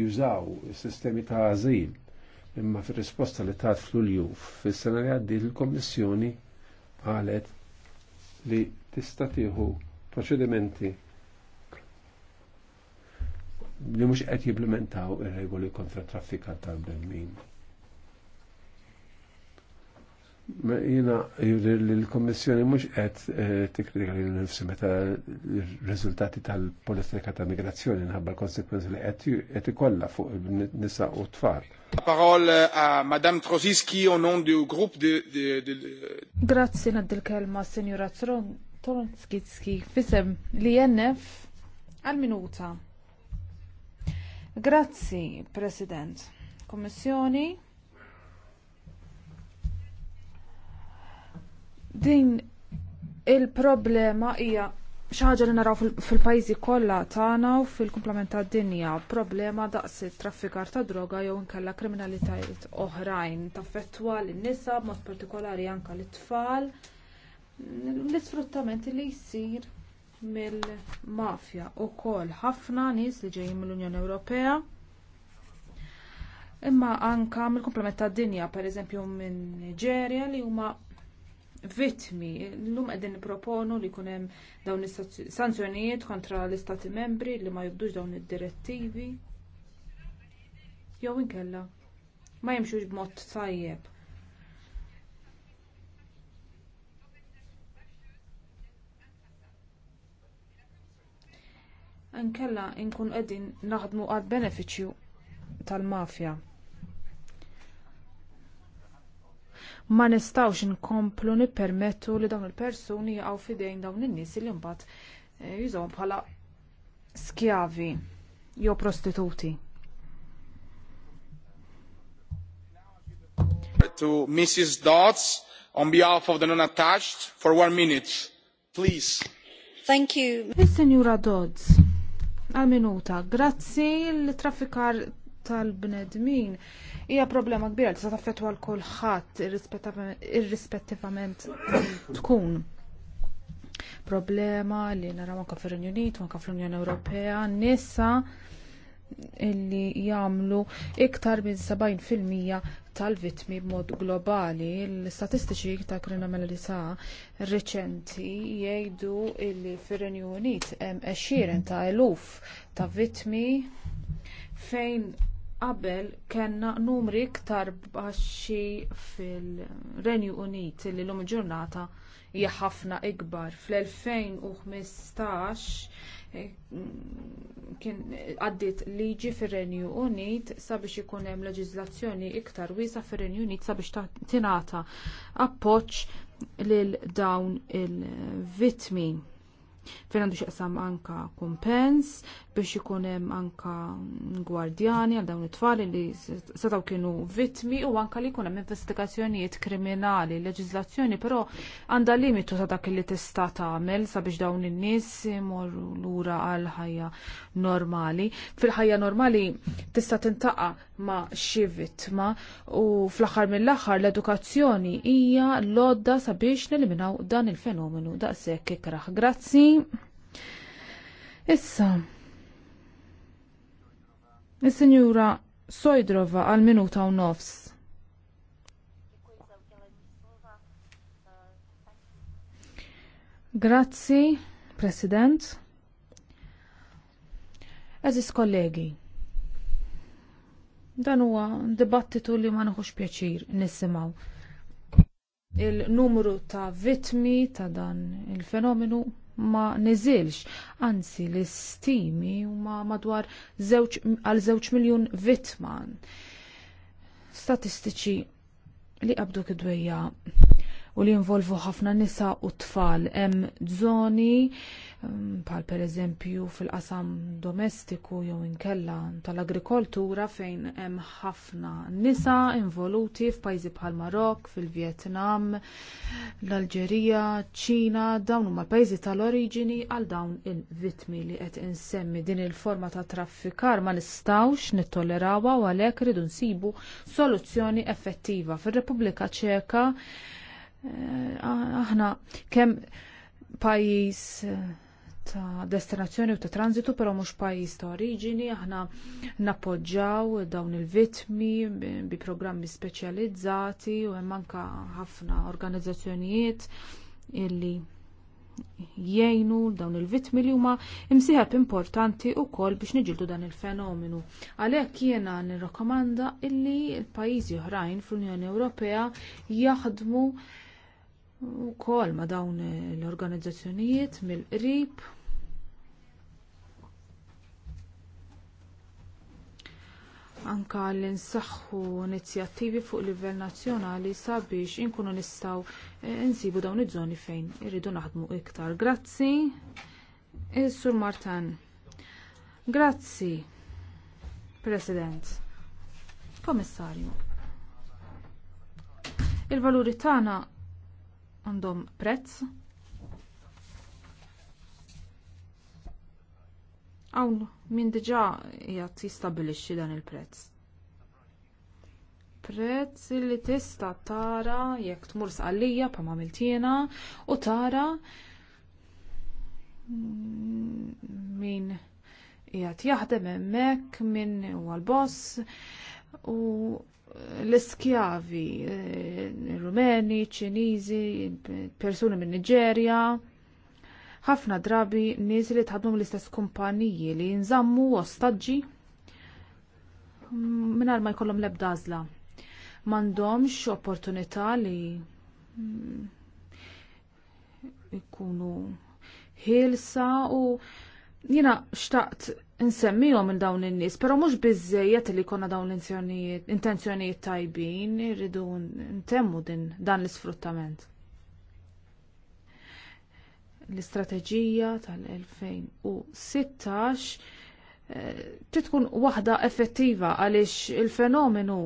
jużaw sistemi ta' azil imma fir risposta li tat fl-ulju fis-sena li għaddi il-Kommissjoni qalet li tista' tieħu proċedimenti li mux qed jimplementaw ir-regoli kontra traffika tal Ma Jina li l-Kommissjoni mhux qed eh, tikkritika lil nifsi meta r-riżultati tal-politika ta' migrazzjoni nħabba l-konsekwenzi li qed ikollha fuq nisa u tfal. Parol a Madame Trosiski au nom du grupp de Grazie, nad kelma Signora Tron Toronskitski fisem li jennef għal-minuta. Grazzi, President. Kommissjoni. Din il-problema hija xaġa li naraw fil-pajzi kollha tagħna u fil-kumplament tad-dinja, problema daqs traffikar ta' droga jew inkella kriminalitajiet oħrajn taffettwa lin-nisa b'mod partikolari anke l-tfal l-isfruttament li jsir mill-mafja wkoll ħafna nies li ġejjin mill-Unjoni Ewropea imma anka mill-komplement tad dinja pereżempju minn Niġerja li huma vittmi llum qegħdin nipproponu li jkun hemm dawn is-sanzjonijiet kontra l-istati membri li ma jibdux dawn id-direttivi jew inkella ma jimxux b'mod tajjeb nkella nkun qegħdin naħdmu għad benefiċċju tal-mafja. Ma nistawx nkomplu nippermettu li dawn il-persuni jaqgħu fidejn dawn in-nies li mbagħad eh, jużaw bħala skjavi jew prostituti. To Mrs. Dodds on behalf of the non-attached for one minute, please. Thank you. Is Dodds. Għal-minuta, grazzi l-traffikar tal-bnedmin hija problema kbira li se taffettwa l kulħadd irrispettivament tkun problema li naraw anke fir-Renju Unit u anke fl-Unjoni Ewropea nisa illi jagħmlu iktar minn 70% tal-vittmi b'mod globali. l istatistiċi ta' kriminalità reċenti jgħidu illi fir-Renju Unit hemm għexieren ta' eluf ta' vittmi fejn qabel kellna numri iktar baxxi fil-Renju Unit illi l-lum ġurnata hija ħafna ikbar. Fl-2015 kien għaddit liġi fir-Renju Unit sabiex ikun hemm leġiżlazzjoni iktar wiesa fir-Renju Unit sabiex tingħata appoġġ lil dawn il-vitmi. Fejn għandu xieqsam anka kumpens biex ikun hemm anka gwardjani għal dawn it-tfal li setgħu kienu vittmi u anka li jkun hemm investigazzjonijiet kriminali, leġislazzjoni, però għandha limitu ta' dak li tista' tagħmel sabiex dawn in-nies imorru lura għal ħajja normali. Fil-ħajja normali tista' tintaqa' ma' xi vittma u fl-aħħar mill-aħħar l-edukazzjoni hija lodda sabiex neliminaw dan il-fenomenu daqshekk ikrah. Grazzi. Issa, Is-Sinjura Sojdrova għal minuta u nofs. Grazzi, President. Eżis kollegi, dan huwa dibattitu li ma nħux pjaċir nisimaw. Il-numru ta' vitmi ta' dan il-fenomenu ma niżilx, anzi l-istimi huma madwar għal zewċ miljun vittman. Statistiċi li qabdu kidwejja u li involvu ħafna nisa u tfal. Hemm żoni mm, bħal pereżempju fil-qasam domestiku jew inkella tal-agrikoltura fejn hemm ħafna nisa involuti f'pajjiżi bħal Marok, fil-Vjetnam, l-Alġerija, ċina, dawn huma pajjiżi tal-oriġini għal dawn il-vitmi li qed insemmi din il-forma ta' traffikar ma nistgħux nittolerawha u għalhekk ridu nsibu soluzzjoni effettiva. Fir-Repubblika Ċeka Eh, aħna kemm pajjiż eh, ta' destinazzjoni u ta' tranzitu, però mhux pajjiż ta' oriġini, aħna nappoġġaw dawn il-vitmi bi programmi speċjalizzati u hemm anke ħafna organizzazzjonijiet illi jgħinu dawn il-vittmi li huma imsieħeb importanti wkoll biex niġildu dan il-fenomenu. Għalhekk jiena nirrakkomanda illi l-pajjiżi oħrajn fl-Unjoni Ewropea jaħdmu u kol ma dawn l-organizzazzjonijiet mill-qrib. Anka l-insaxħu inizjattivi fuq livell nazzjonali sabiex inkunu nistaw eh, insibu dawn iż-żoni fejn irridu naħdmu iktar. Grazzi, Is-Sur Martan. Grazzi, President. Komissarju. Il-valuri tagħna għandhom prezz. Hawn min diġà jgħat jistabilixxi dan il-prezz. Prezz li tista tara jekk tmur sqallija pa jiena, u tara min jgħat jaħdem hemmhekk min huwa l-boss u l-iskjavi eh, rumeni, ċiniżi, persuni minn Niġerja, ħafna drabi nies li tħadmu l-istess kumpaniji li jinżammu ostaġġi mingħajr ma jkollhom l-ebda għażla. M'għandhomx opportunità li jkunu mm, ħilsa u Jina xtaqt nsemmijom minn dawn in-nies, però mhux biżejjed li jkollna dawn l-intenzjonijiet tajbin, irridu ntemmu din dan l-isfruttament. L-istrateġija tal-2016 eh, titkun waħda effettiva għaliex il-fenomenu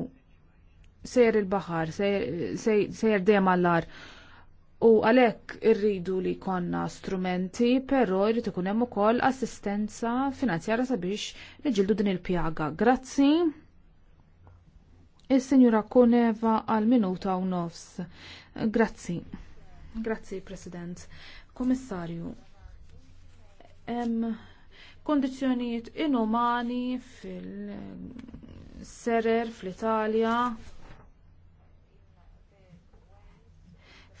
sejr il-bahar, sejr dejjem għar U għalhekk irridu li konna strumenti, però jrid ikun hemm ukoll assistenza finanzjara sabiex niġildu din il-pjaga. Grazzi. Is-Sinjura Koneva għal minuta u nofs. Grazzi. Grazzi, President. Komissarju, hemm kondizzjonijiet inumani fil-serer fl-Italja,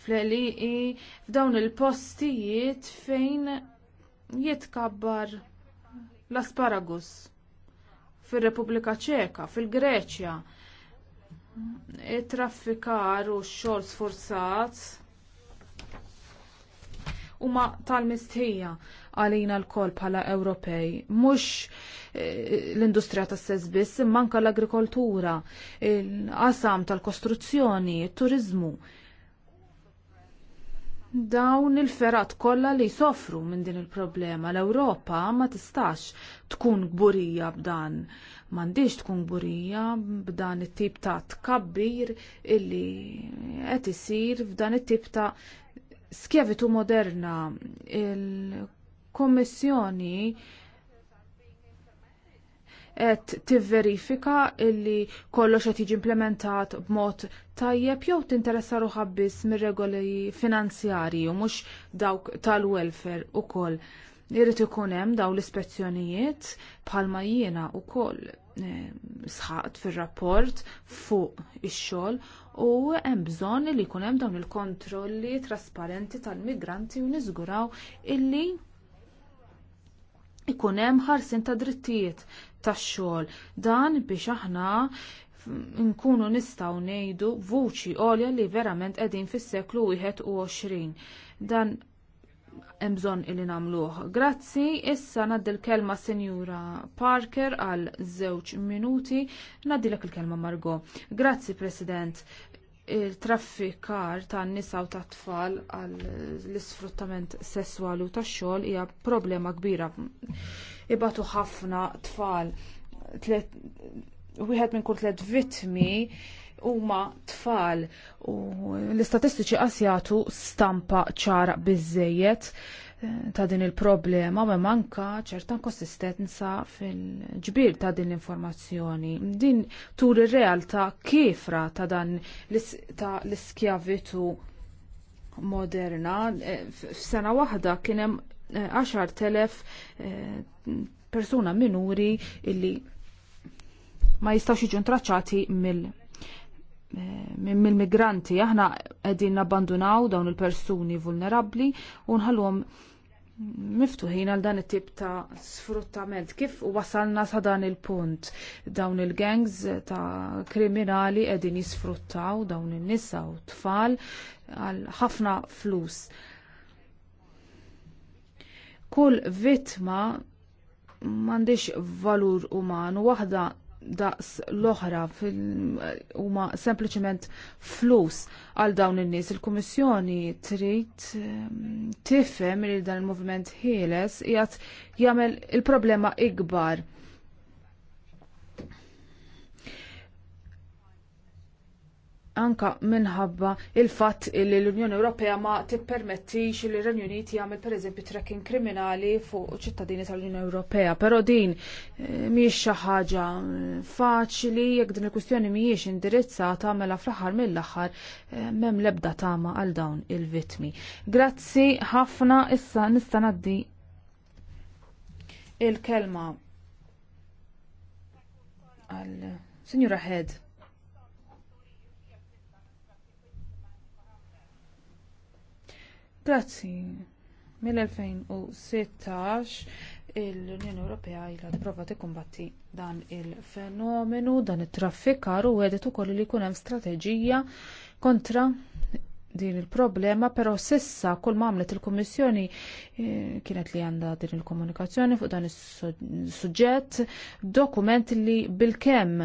fl-eliqi f'dawn il-postijiet fejn jitkabbar l-asparagus fil-Repubblika Ċeka, fil-Greċja, it-traffikar u x-xogħol sforzat huma tal-mistħija għalina l-kol bħala Ewropej. Mhux eh, l-industrija tas sezbis biss, manka l-agrikoltura, il-qasam tal-kostruzzjoni, it-turizmu, il dawn il-ferat kollha li jsofru minn din il-problema. L-Ewropa ma tistax tkun gburija b'dan. M'għandix tkun gburija b'dan it-tip ta' tkabbir illi qed isir f'dan it-tip ta' skjavitu moderna. Il-Kommissjoni qed tivverifika illi kollox qed jiġi implementat b'mod tajjeb jew tinteressa ruħha biss mir-regoli finanzjarji u mhux dawk tal-welfare ukoll. Irid ikun hemm dawn l-ispezzjonijiet bħalma jiena wkoll eh, sħaqt fir-rapport fuq ix-xogħol u hemm bżonn li jkun hemm dawn il-kontrolli trasparenti tal-migranti u niżguraw illi ikun hemm ħarsin ta' drittijiet tax-xogħol. Dan biex aħna nkunu nistgħu ngħidu vuċi għolja li verament qegħdin fis-seklu 21. Dan hemm bżonn ili nagħmluh. Grazzi, issa ngħaddi l-kelma Sinjura Parker għal żewġ minuti. Ngħaddilek il-kelma Margo. Grazzi President il-traffikar tan nisa u tat tfal għall isfruttament sessuali u tax-xogħol hija problema kbira ibatu ħafna tfal. Wieħed minn kull tliet vittmi huma tfal u l-istatistiċi qasjatu stampa ċara biżejjed eh, ta' din il-problema ma manka ċerta konsistenza fil-ġbir ta' din l-informazzjoni. Din tur ir-realtà kifra ta' dan l-iskjavitu moderna. Eh, F'sena waħda kien hemm 10,000 eh, persuna minuri illi ma jistax iġun traċċati eh, mill migranti Aħna qegħdin nabbandunaw dawn il-persuni vulnerabbli u nħallhom miftuħin għal dan it-tip ta' sfruttament. Kif wasalna sa' dan il-punt? Dawn il-gangs ta' kriminali għedin jisfruttaw dawn il-nisa u tfal għal ħafna flus. Kull vittma m'għandix valur umanu waħda daqs l-oħra huma sempliċement flus għal dawn in-nies. Il-Kummissjoni trid ehm, tifhem li dan il movement ħieles qiegħed jagħmel il-problema ikbar anka minħabba il-fatt li l-Unjoni Ewropea ma tippermettix li l-Renju Uniti jagħmel pereżempju trekking kriminali fuq ċittadini tal-Unjoni Ewropea, però din eh, mhijiex xi ħaġa eh, faċli jekk din il-kwistjoni mhijiex indirizzata mela fl-aħħar mill-aħħar eh, m'hemm l-ebda tama għal dawn il-vittmi. Grazzi ħafna issa nista' ngħaddi il-kelma għal Signora Head. Grazzi. Mill-2016 l-Unjoni Ewropea ilha tipprova tikkumbatti dan il-fenomenu, dan it-traffikar u għedet ukoll li jkun hemm strateġija kontra din il-problema, però sissa kull għamlet il-Kummissjoni eh, kienet li għandha din il-komunikazzjoni fuq dan is-suġġett, dokument li bil-kemm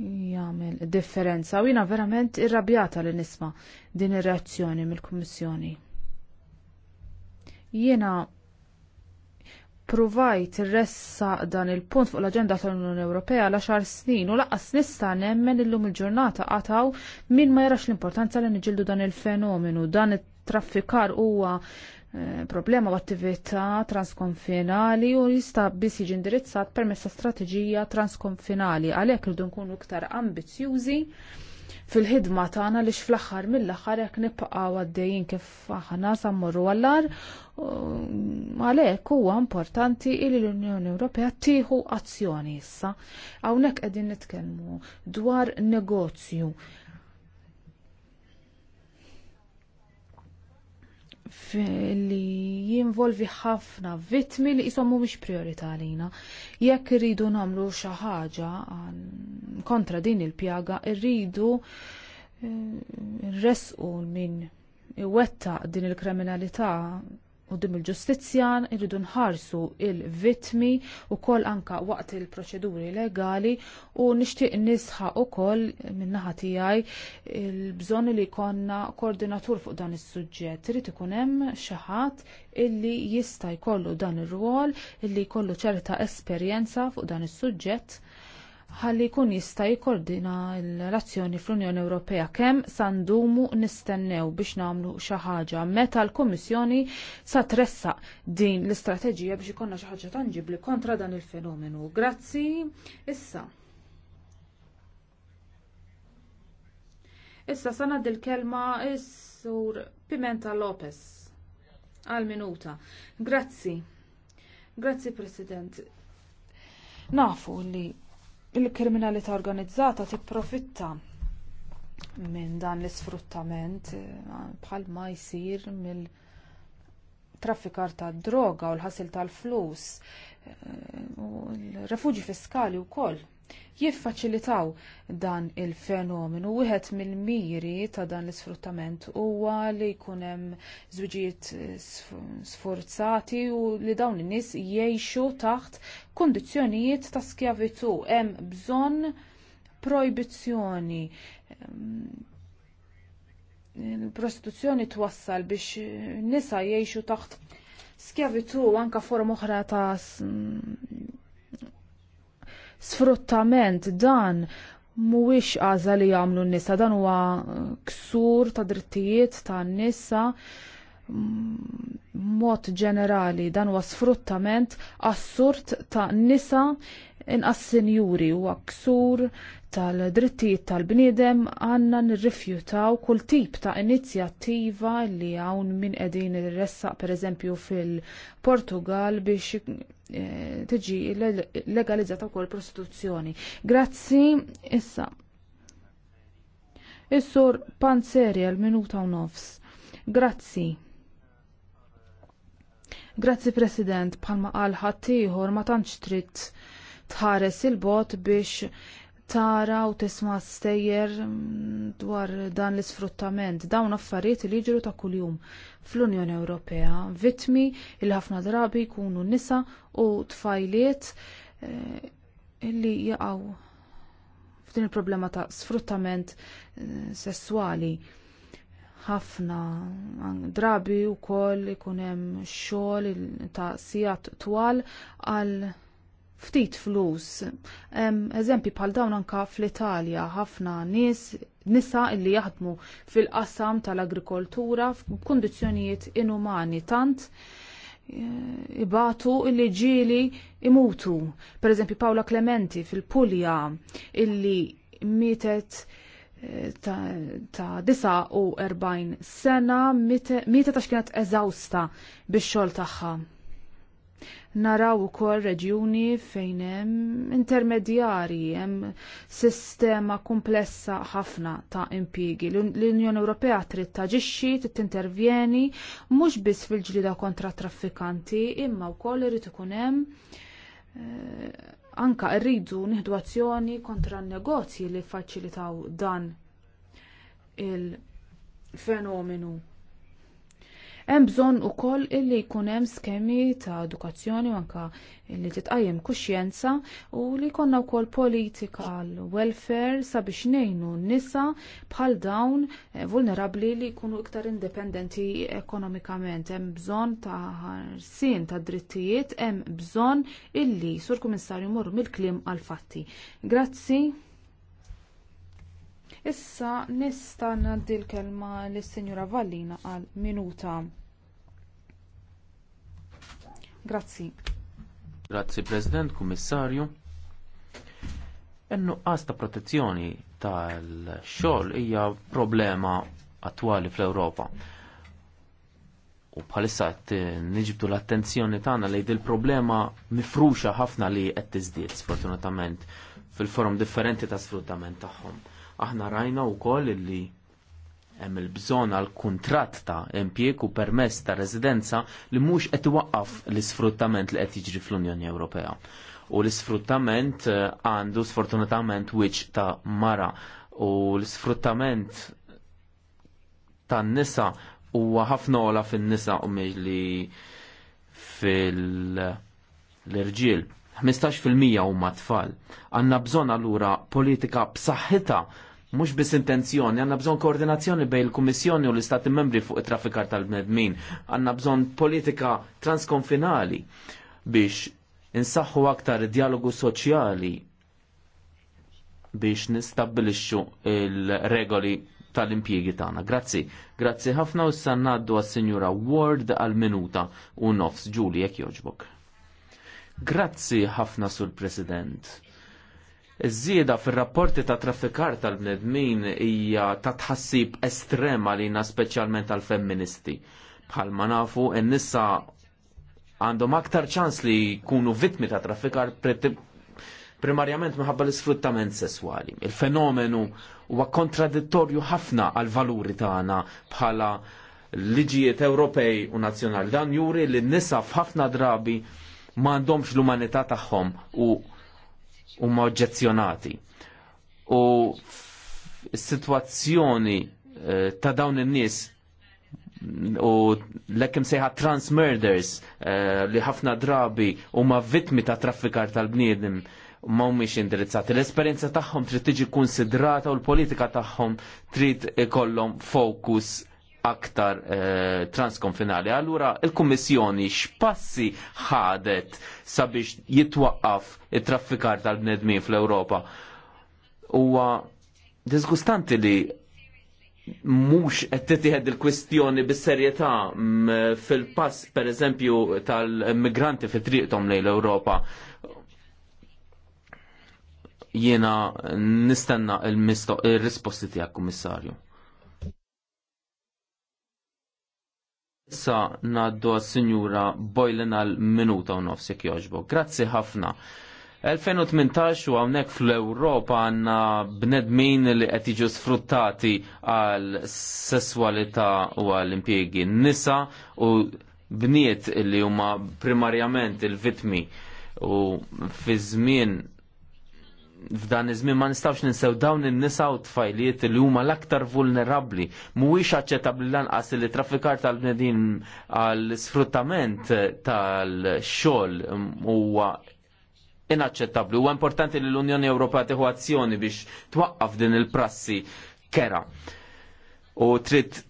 jagħmel differenza u jiena verament irrabjata li nisma' din ir-reazzjoni mill-Kummissjoni. Jiena provajt irressa dan il-punt fuq l-aġenda tal-Unjoni Ewropea la xar snin u laqas nista' nemmen illum il-ġurnata qataw min ma jarax l-importanza li niġildu dan il-fenomenu dan it-traffikar huwa Eh, problema u attività transkonfinali u jista' biss jiġi indirizzat permezz ta' strateġija transkonfinali għalhekk rridu nkunu iktar ambizzjużi fil-ħidma tagħna lix fl-aħħar mill-aħħar jekk nibqgħu għaddejjin kif aħna sammorru għall-ar għalhekk huwa importanti li l-Unjoni Ewropea tieħu azzjoni issa. Hawnhekk qegħdin nitkellmu dwar negozju li jinvolvi ħafna vittmi li jisommu mhumiex priorità għalina. Jekk irridu nagħmlu xi ħaġa kontra din il-pjaga, irridu eh, rresqu minn iwettaq din il-kriminalità dim il-ġustizzja irridu nħarsu il-vitmi u koll anka waqt il-proċeduri legali u nishtiq nisħa u koll minnaħa tijaj il-bżon li konna koordinatur fuq dan is-suġġett. Rrit ikun hemm xaħat illi jista' jkollu dan ir ruol illi jkollu ċerta esperjenza fuq dan is-suġġett ħalli jkun jista' jikkoordina l-azzjoni fl-Unjoni Ewropea kemm sandumu nistennew biex nagħmlu xi ħaġa meta l-Kummissjoni sa tressaq din l-istrateġija biex ikonna xi ħaġa tanġibli kontra dan il-fenomenu. Grazzi. Issa. Issa sa ngħaddi l-kelma is-sur Pimenta Lopez għal minuta. Grazzi. Grazzi President. Nafu li il-kriminalità organizzata tipprofitta minn dan l-isfruttament eh, bħalma jsir mill traffikar ta' droga u l-ħasil tal-flus eh, u l-refuġi fiskali wkoll jiffaċilitaw dan il-fenomenu. Wieħed mill-miri ta' dan l-isfruttament huwa li jkun hemm żwiġijiet sforzati u li dawn in-nies jgħixu taħt kundizzjonijiet ta' skjavitu. Hemm bżonn projbizzjoni il-prostituzzjoni ehm, twassal biex nisa jgħixu taħt skjavitu anka forma oħra ta' sfruttament dan mhuwiex għażla li jagħmlu n-nisa dan huwa ksur ta' drittijiet tan-nisa mm, mod ġenerali dan huwa sfruttament assurd ta' nisa inqas sinjuri huwa ksur tal-drittijiet tal-bniedem għandna nirrifjutaw kull tip ta' inizjattiva li hawn minn qegħdin irressaq pereżempju fil-Portugal biex eh, tiġi legalizzata kull prostituzzjoni. Grazzi, issa. Is-sur Panzeri għal minuta u nofs. Grazzi. Grazzi President, palma qal ħaddieħor ma tantx trid tħares il-bot biex tara u tisma' stejjer mm, dwar dan l-isfruttament dawn affarijiet li jiġru ta' kuljum fl-Unjoni Ewropea, vittmi li ħafna drabi jkunu nisa u tfajliet eh, li jaqgħu f'din il-problema ta' sfruttament eh, sesswali. Ħafna drabi wkoll ikun hemm xogħol ta' sigħat twal għal ftit flus. Eżempi bħal dawn anka fl-Italja ħafna nies nisa illi jaħdmu fil-qasam tal-agrikoltura f'kundizzjonijiet inumani tant eh, ibatu illi ġieli imutu. Per eżempju Paola Clementi fil-Pulja illi mietet eh, ta', ta 49 sena mietet għax kienet eżawsta bix-xogħol tagħha. Naraw ukoll reġjuni fejn hemm intermedjarji, hemm sistema komplessa ħafna ta' impjiegi. L-Unjoni Ewropea trid taġixxi, trid intervjeni mhux biss fil-ġlida kontra traffikanti, imma wkoll irid ikun hemm eh, anka rridu nieħdu azzjoni kontra n-negozji li faċilitaw dan il-fenomenu Hemm bżonn ukoll illi jkun hemm skemi ta' edukazzjoni u anke li titqajjem kuxjenza u li jkollna wkoll politika welfare sabiex ngħinu n-nisa bħal dawn eh, vulnerabbli li jkunu iktar indipendenti ekonomikament. Hemm bżonn ta' ħarsien ta' drittijiet, hemm bżonn illi sur kummissarju mur mill-kliem għal-fatti. Grazzi. Issa nista' ngħaddi l-kelma lis-Sinjura Vallina għal minuta. Grazzi. Grazzi President, Kummissarju. Ennu nuqqas ta' protezzjoni tal-xogħol hija problema attwali fl-Ewropa. U bħalissa niġibtu l-attenzjoni tagħna lejn il-problema mifruxa ħafna li qed tiżdied sfortunatament fil-forum differenti ta' sfruttament tagħhom. Aħna rajna wkoll li hemm il-bżonn għal kuntratt ta' impjieg u permess ta' residenza li mhux qed iwaqqaf l-isfruttament li qed jiġri fl-Unjoni Ewropea. U l-isfruttament eh, għandu sfortunatament wiċċ ta' mara u l-isfruttament tan nisa huwa ħafna ola fin-nisa u li fil-irġiel. 15% huma tfal. Għandna bżonn allura politika b'saħħitha mhux biss intenzjoni, għandna bżonn koordinazzjoni bejn il-Kummissjoni u l-Istati membri fuq it-traffikar tal-bnedmin. għanna bżonn politika transkonfinali biex insaħħu aktar dialogu soċjali biex nistabilixxu il-regoli tal-impjiegi tagħna. Grazzi. Grazzi ħafna u issa ngħaddu għas-Sinjura Ward għal minuta u nofs Julie jekk jogħġbok. Grazzi ħafna sur President. Iż-żieda fir-rapporti ta' traffikar tal-bnedmin hija ta' tħassib estrema lina speċjalment għal femministi. Bħalma nafu n-nisa għandhom aktar ċans li jkunu vittmi ta' traffikar primarjament minħabba l-isfruttament sesswali. Il-fenomenu huwa kontradittorju ħafna għal valuri tagħna bħala liġijiet Ewropej u nazzjonali. Dan juri li n-nisa f'ħafna drabi m'għandhomx l-umanità tagħhom u huma oġġezzjonati. U s-sitwazzjoni eh, ta' dawn in-nies mm, u l-ekkim sejħa trans murders eh, li ħafna drabi huma vittmi ta' traffikar tal-bniedem mhumiex indirizzati. L-esperjenza tagħhom trid tiġi konsidrata u l-politika tagħhom trid ikollhom fokus aktar eh, transkonfinali. Allura il-Kummissjoni x'passi ħadet sabiex jitwaqqaf it-traffikar tal-bnedmin fl-Ewropa. Huwa disgustanti li mhux qed titieħed il-kwistjoni bis-serjetà mm, fil-pass pereżempju tal-migranti fi triqthom lejn l-Ewropa. Jiena nistenna il-risposti tiegħek, Kummissarju. Issa naddu għas-Sinjura Bojlen għal minuta u nofsek joġbo. Grazzi ħafna. 2018 u għawnek fl-Europa għanna bnedmin li qed jiġu sfruttati għal sessualita u għal impiegi nisa u bniet li huma primarjament il-vitmi u fi żmien f'dan iż-żmien ma nistgħux ninsew dawn in-nisa u tfajliet li huma l-aktar vulnerabbli. Mhuwiex aċċettabbli lanqas li traffikar tal-bnedin għal sfruttament tal-xogħol huwa inaċċettabbli. Huwa importanti li l-Unjoni Ewropea tieħu azzjoni biex twaqqaf din il-prassi kera. U trid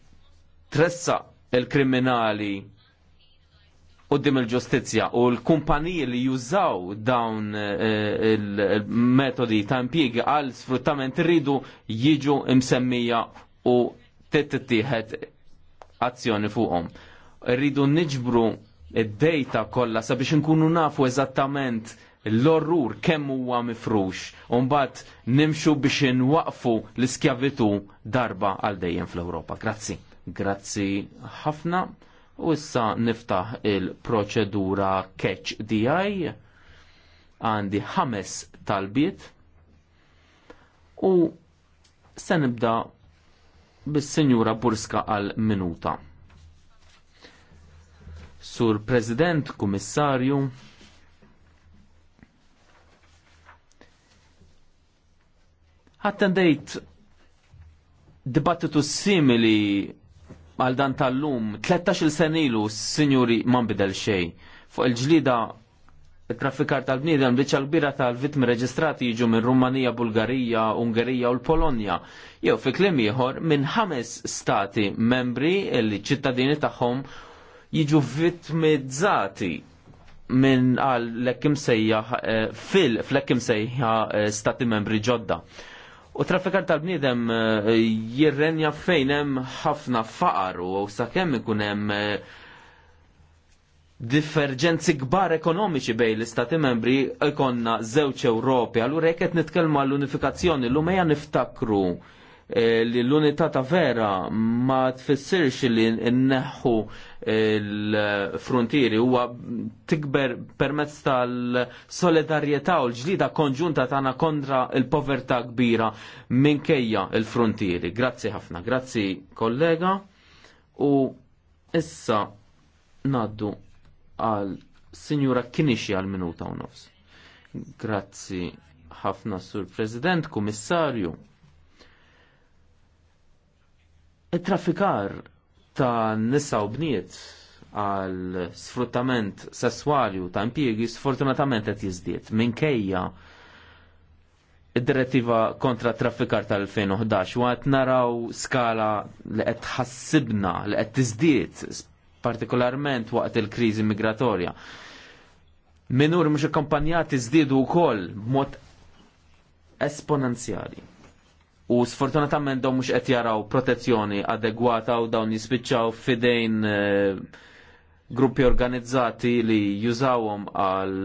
tressa il-kriminali qoddim il-ġustizzja u l-kumpaniji li jużaw dawn eh, il-metodi ta' impieg għal sfruttament rridu jiġu msemmija u tittieħed azzjoni fuqhom. Rridu niġbru id-dejta kollha sabiex inkunu nafu eżattament l-orrur kemm huwa mifrux u mbagħad nimxu biex inwaqfu l-iskjavitu darba għal dejjem fl-Ewropa. Grazzi. Grazzi ħafna. U issa niftaħ il-proċedura catch DI għandi ħames talbiet u se nibda bis-Sinjura Burska għal minuta. Sur President, Kummissarju, attendejt dibattitu simili għal dan tal-lum, 13 senilu, sinjuri, man bidel xej. Fuq il-ġlida traffikar tal-bniedem biċa bira tal-vitmi reġistrati jiġu minn Rumanija, Bulgarija, Ungerija u l-Polonja. Jew fi klim ieħor minn ħames stati membri li ċittadini tagħhom jiġu vitmizzati minn għal l-ekkim sejja eh, fil fl-ekkim sejja eh, stati membri ġodda. U traffikar tal-bniedem eh, jirrenja fejn hemm ħafna faqar u sakemm ikun hemm eh, differġenzi kbar ekonomiċi bej l-istati membri ikonna żewġ Ewropi. Allura jekk qed nitkellmu għall-unifikazzjoni l-lumejja niftakru Eh, li l-unità ta' vera ma tfissirx li nneħħu l-frontieri huwa tikber permezz tal-solidarjetà u l-ġlida konġunta tagħna kontra l-povertà kbira minkejja l-frontieri. Grazzi ħafna, grazzi kollega. U issa naddu għal Sinjura Kinixi għal minuta u nofs. Grazzi ħafna Sur President, Kummissarju it-traffikar ta' nisa u bniet għal sfruttament sessuali u ta' impjiegi sfortunatament qed jiżdied minkejja id-direttiva kontra traffikar tal-2011 u għat naraw skala li qed tħassibna li qed tiżdied partikolarment waqt il-kriżi migratorja. Minur mhux akkompanjati żdiedu wkoll b'mod esponenzjali. U sfortunatament dawn mhux qed jaraw protezzjoni adegwata u dawn jispiċċaw fidejn eh, gruppi organizzati li jużawhom għal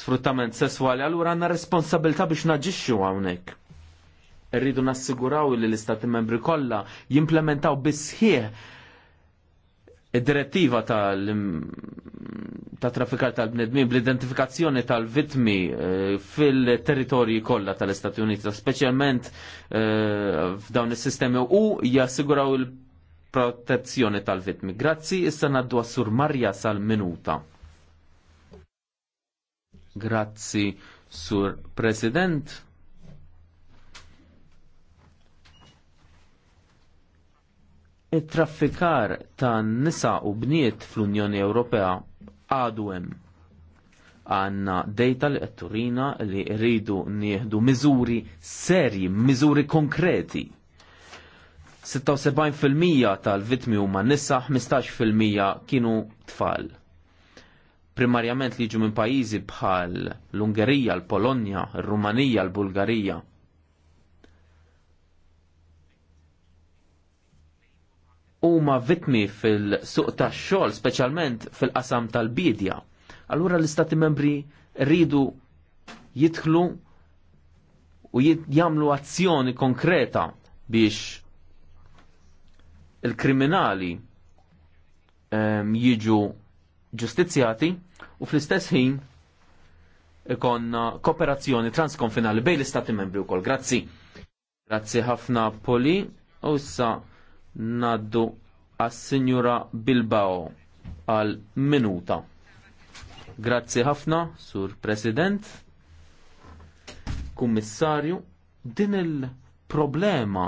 sfruttament sesswali, allura għandna responsabilta biex naġixxu hawnhekk. Irridu nassiguraw li l-istati membri kollha jimplementaw bisħieħ Id-direttiva tal ta' trafikar tal-bnedmin bl-identifikazzjoni tal-vitmi eh, fil-territorji kollha tal-Istati Uniti, speċjalment eh, f'dawn is-sistemi u jassiguraw il-protezzjoni tal-vitmi. Grazzi, issa naddu għassur sur Marja sal-minuta. Grazzi, Sur President. it-traffikar ta' nisa u bniet fl-Unjoni Ewropea għadu hemm. Għanna dejta li turina li rridu nieħdu miżuri serji, miżuri konkreti. 76% tal-vitmi huma nisa, 15% kienu tfal. Primarjament li ġu minn pajjiżi bħal l-Ungerija, l-Polonja, r-Rumanija, l-Bulgarija. huma vitmi fil-suq tax-xogħol, speċjalment fil-qasam tal-bidja. Allura l-istati membri rridu jidħlu u jagħmlu azzjoni konkreta biex il-kriminali ehm, jiġu ġustizzjati u fl-istess ħin ikonna kooperazzjoni transkonfinali bejn l-istati membri wkoll. Grazzi. Grazzi ħafna Poli. U issa naddu għas-Sinjura Bilbao għal minuta. Grazzi ħafna, Sur President, Kummissarju, din il-problema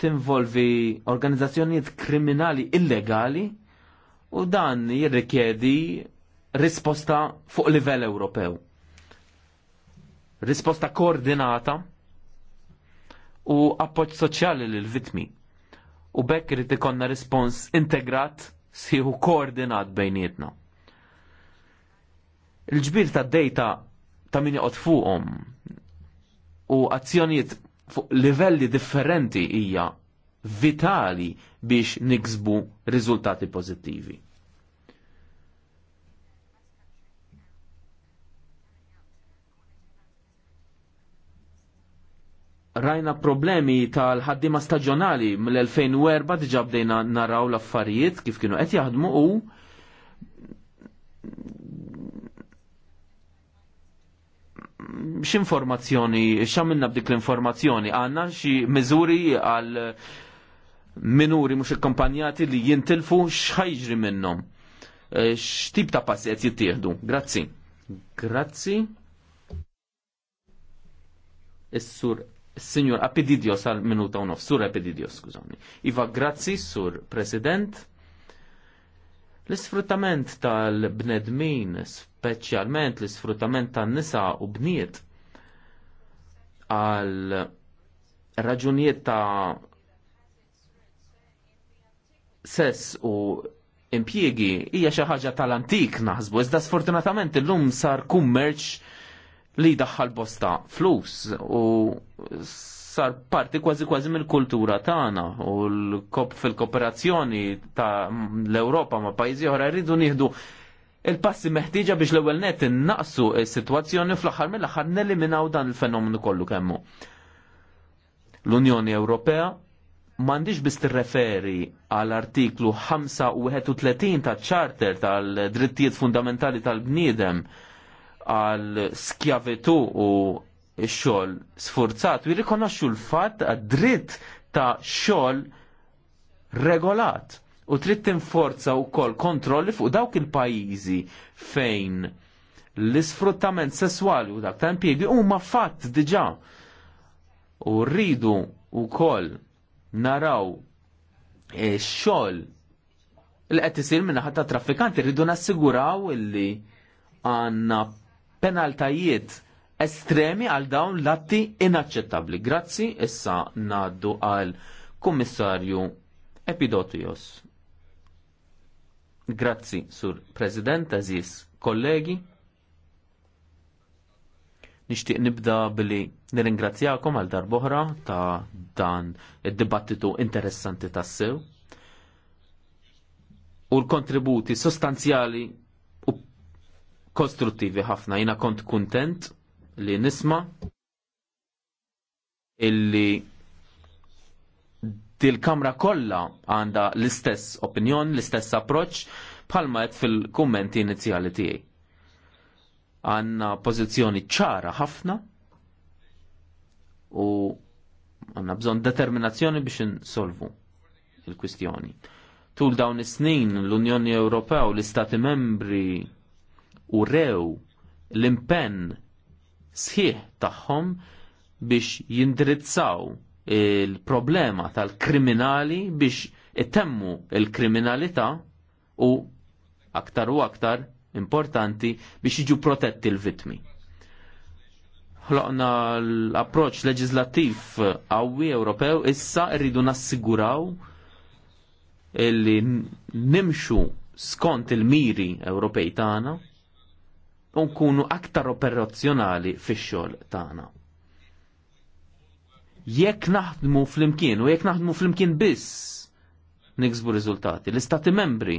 tinvolvi organizzazzjonijiet kriminali illegali u dan jirrikjedi risposta fuq livell Ewropew. Risposta koordinata u appoġġ soċjali lil vitmi U bekk irid ikonna rispons integrat sħiħu koordinat bejnietna. Il-ġbir ta' dejta ta' min joqgħod fuqhom u azzjonijiet fuq livelli differenti hija vitali biex niksbu riżultati pożittivi. rajna problemi tal-ħaddima staġjonali mill-2004 diġa bdejna naraw l-affarijiet kif kienu qed jaħdmu u x'informazzjoni x'għamilna b'dik l-informazzjoni għandna xi miżuri għal minuri mhux ikkompanjati li jintilfu x'ħajġri minnhom. E, x'tip ta' passi qed jittieħdu. Grazzi. Grazzi. Is-sur Signor Apididios sal minuta u nof, sur Apididio, skuzami. Iva, grazzi, sur President. L-isfruttament tal-bnedmin, speċjalment l-isfruttament tan-nisa u bniet għal raġunijiet ta' sess u impjiegi hija xi ħaġa tal-antik naħsbu, iżda sfortunatament illum sar kummerċ li daħħal bosta flus u sar parti kważi kważi mill-kultura tagħna u l-kop fil-kooperazzjoni ta' l-Ewropa ma' pajjiżi oħra jridu nieħdu il-passi meħtieġa biex l-ewwel net innaqsu s-sitwazzjoni fl-aħħar mill-aħħar neliminaw dan il-fenomenu kollu kemmu. L-Unjoni Ewropea m'għandix biss tirreferi għal artiklu 35 ta' ċarter tal-drittijiet fundamentali tal-bniedem għal skjavitu u xogħol sforzat u jirrikonoxxu l-fatt għad-dritt ta' xogħol regolat u trid tinforza wkoll kontrolli fuq dawk il-pajjiżi fejn l-isfruttament sesswali u dak ta' u huma fatt diġà. U rridu wkoll naraw xogħol li qed isir minn ħadd traffikanti rridu nassiguraw illi għandna penaltajiet estremi għal dawn l-atti inaċċettabbli. Grazzi, issa naddu għal kummissarju Epidotios. Grazzi, sur President, aziz kollegi. Nixtieq nibda billi nirringrazzjakom għal darboħra ta' dan id-dibattitu interessanti tassew u l-kontributi sostanzjali kostruttivi ħafna. Jina kont kuntent li nisma illi dil-kamra kollha għandha l-istess opinjon, l-istess approċ bħalma qed fil-kummenti inizjali tiegħi. Għanna pożizzjoni ċara ħafna u għandna bżonn determinazzjoni biex insolvu il-kwistjoni. Tul dawn is-snin l-Unjoni Ewropea u l-Istati Membri u rew l-impenn sħiħ tagħhom biex jindirizzaw il-problema tal-kriminali biex itemmu il-kriminalità u aktar u aktar importanti biex jiġu protetti l-vitmi. Ħloqna l-approċ leġislattiv għawi Ewropew issa rridu nassiguraw illi nimxu skont il-miri Ewropej tagħna unkunu nkunu aktar operazzjonali fix-xogħol tagħna. Jekk naħdmu flimkien u jekk naħdmu flimkien biss niksbu riżultati. L-Istati membri,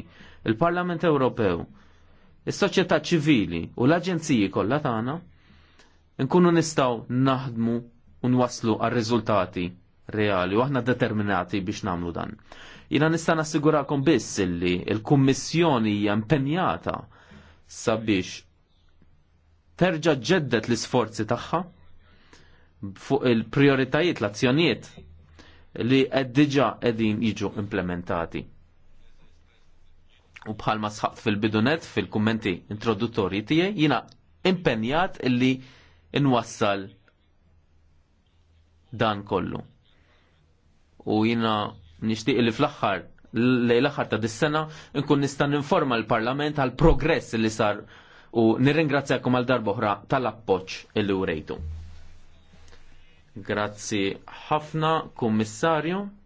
il-Parlament Ewropew, is-soċjetà ċivili u l-aġenziji kollha tagħna nkunu nistgħu naħdmu u nwaslu għal riżultati reali u aħna determinati biex namlu dan. Jina nista' nassigurakom biss illi il-Kummissjoni hija impenjata sabiex terġa' ġeddet l-isforzi tagħha fuq il-prioritajiet l-azzjonijiet li qed diġà qegħdin jiġu implementati. U bħalma sħaqt fil-bidunet fil-kummenti introduttorji tiegħi jiena impenjat illi inwassal dan kollu. U jiena nixtieq li fl-aħħar lej l-aħħar ta' dis-sena nkun nista' ninforma l-Parlament għal progress li sar u nirringrazzjakom għal darboħra tal-appoċ illi urejtu. Grazzi ħafna, kummissarju.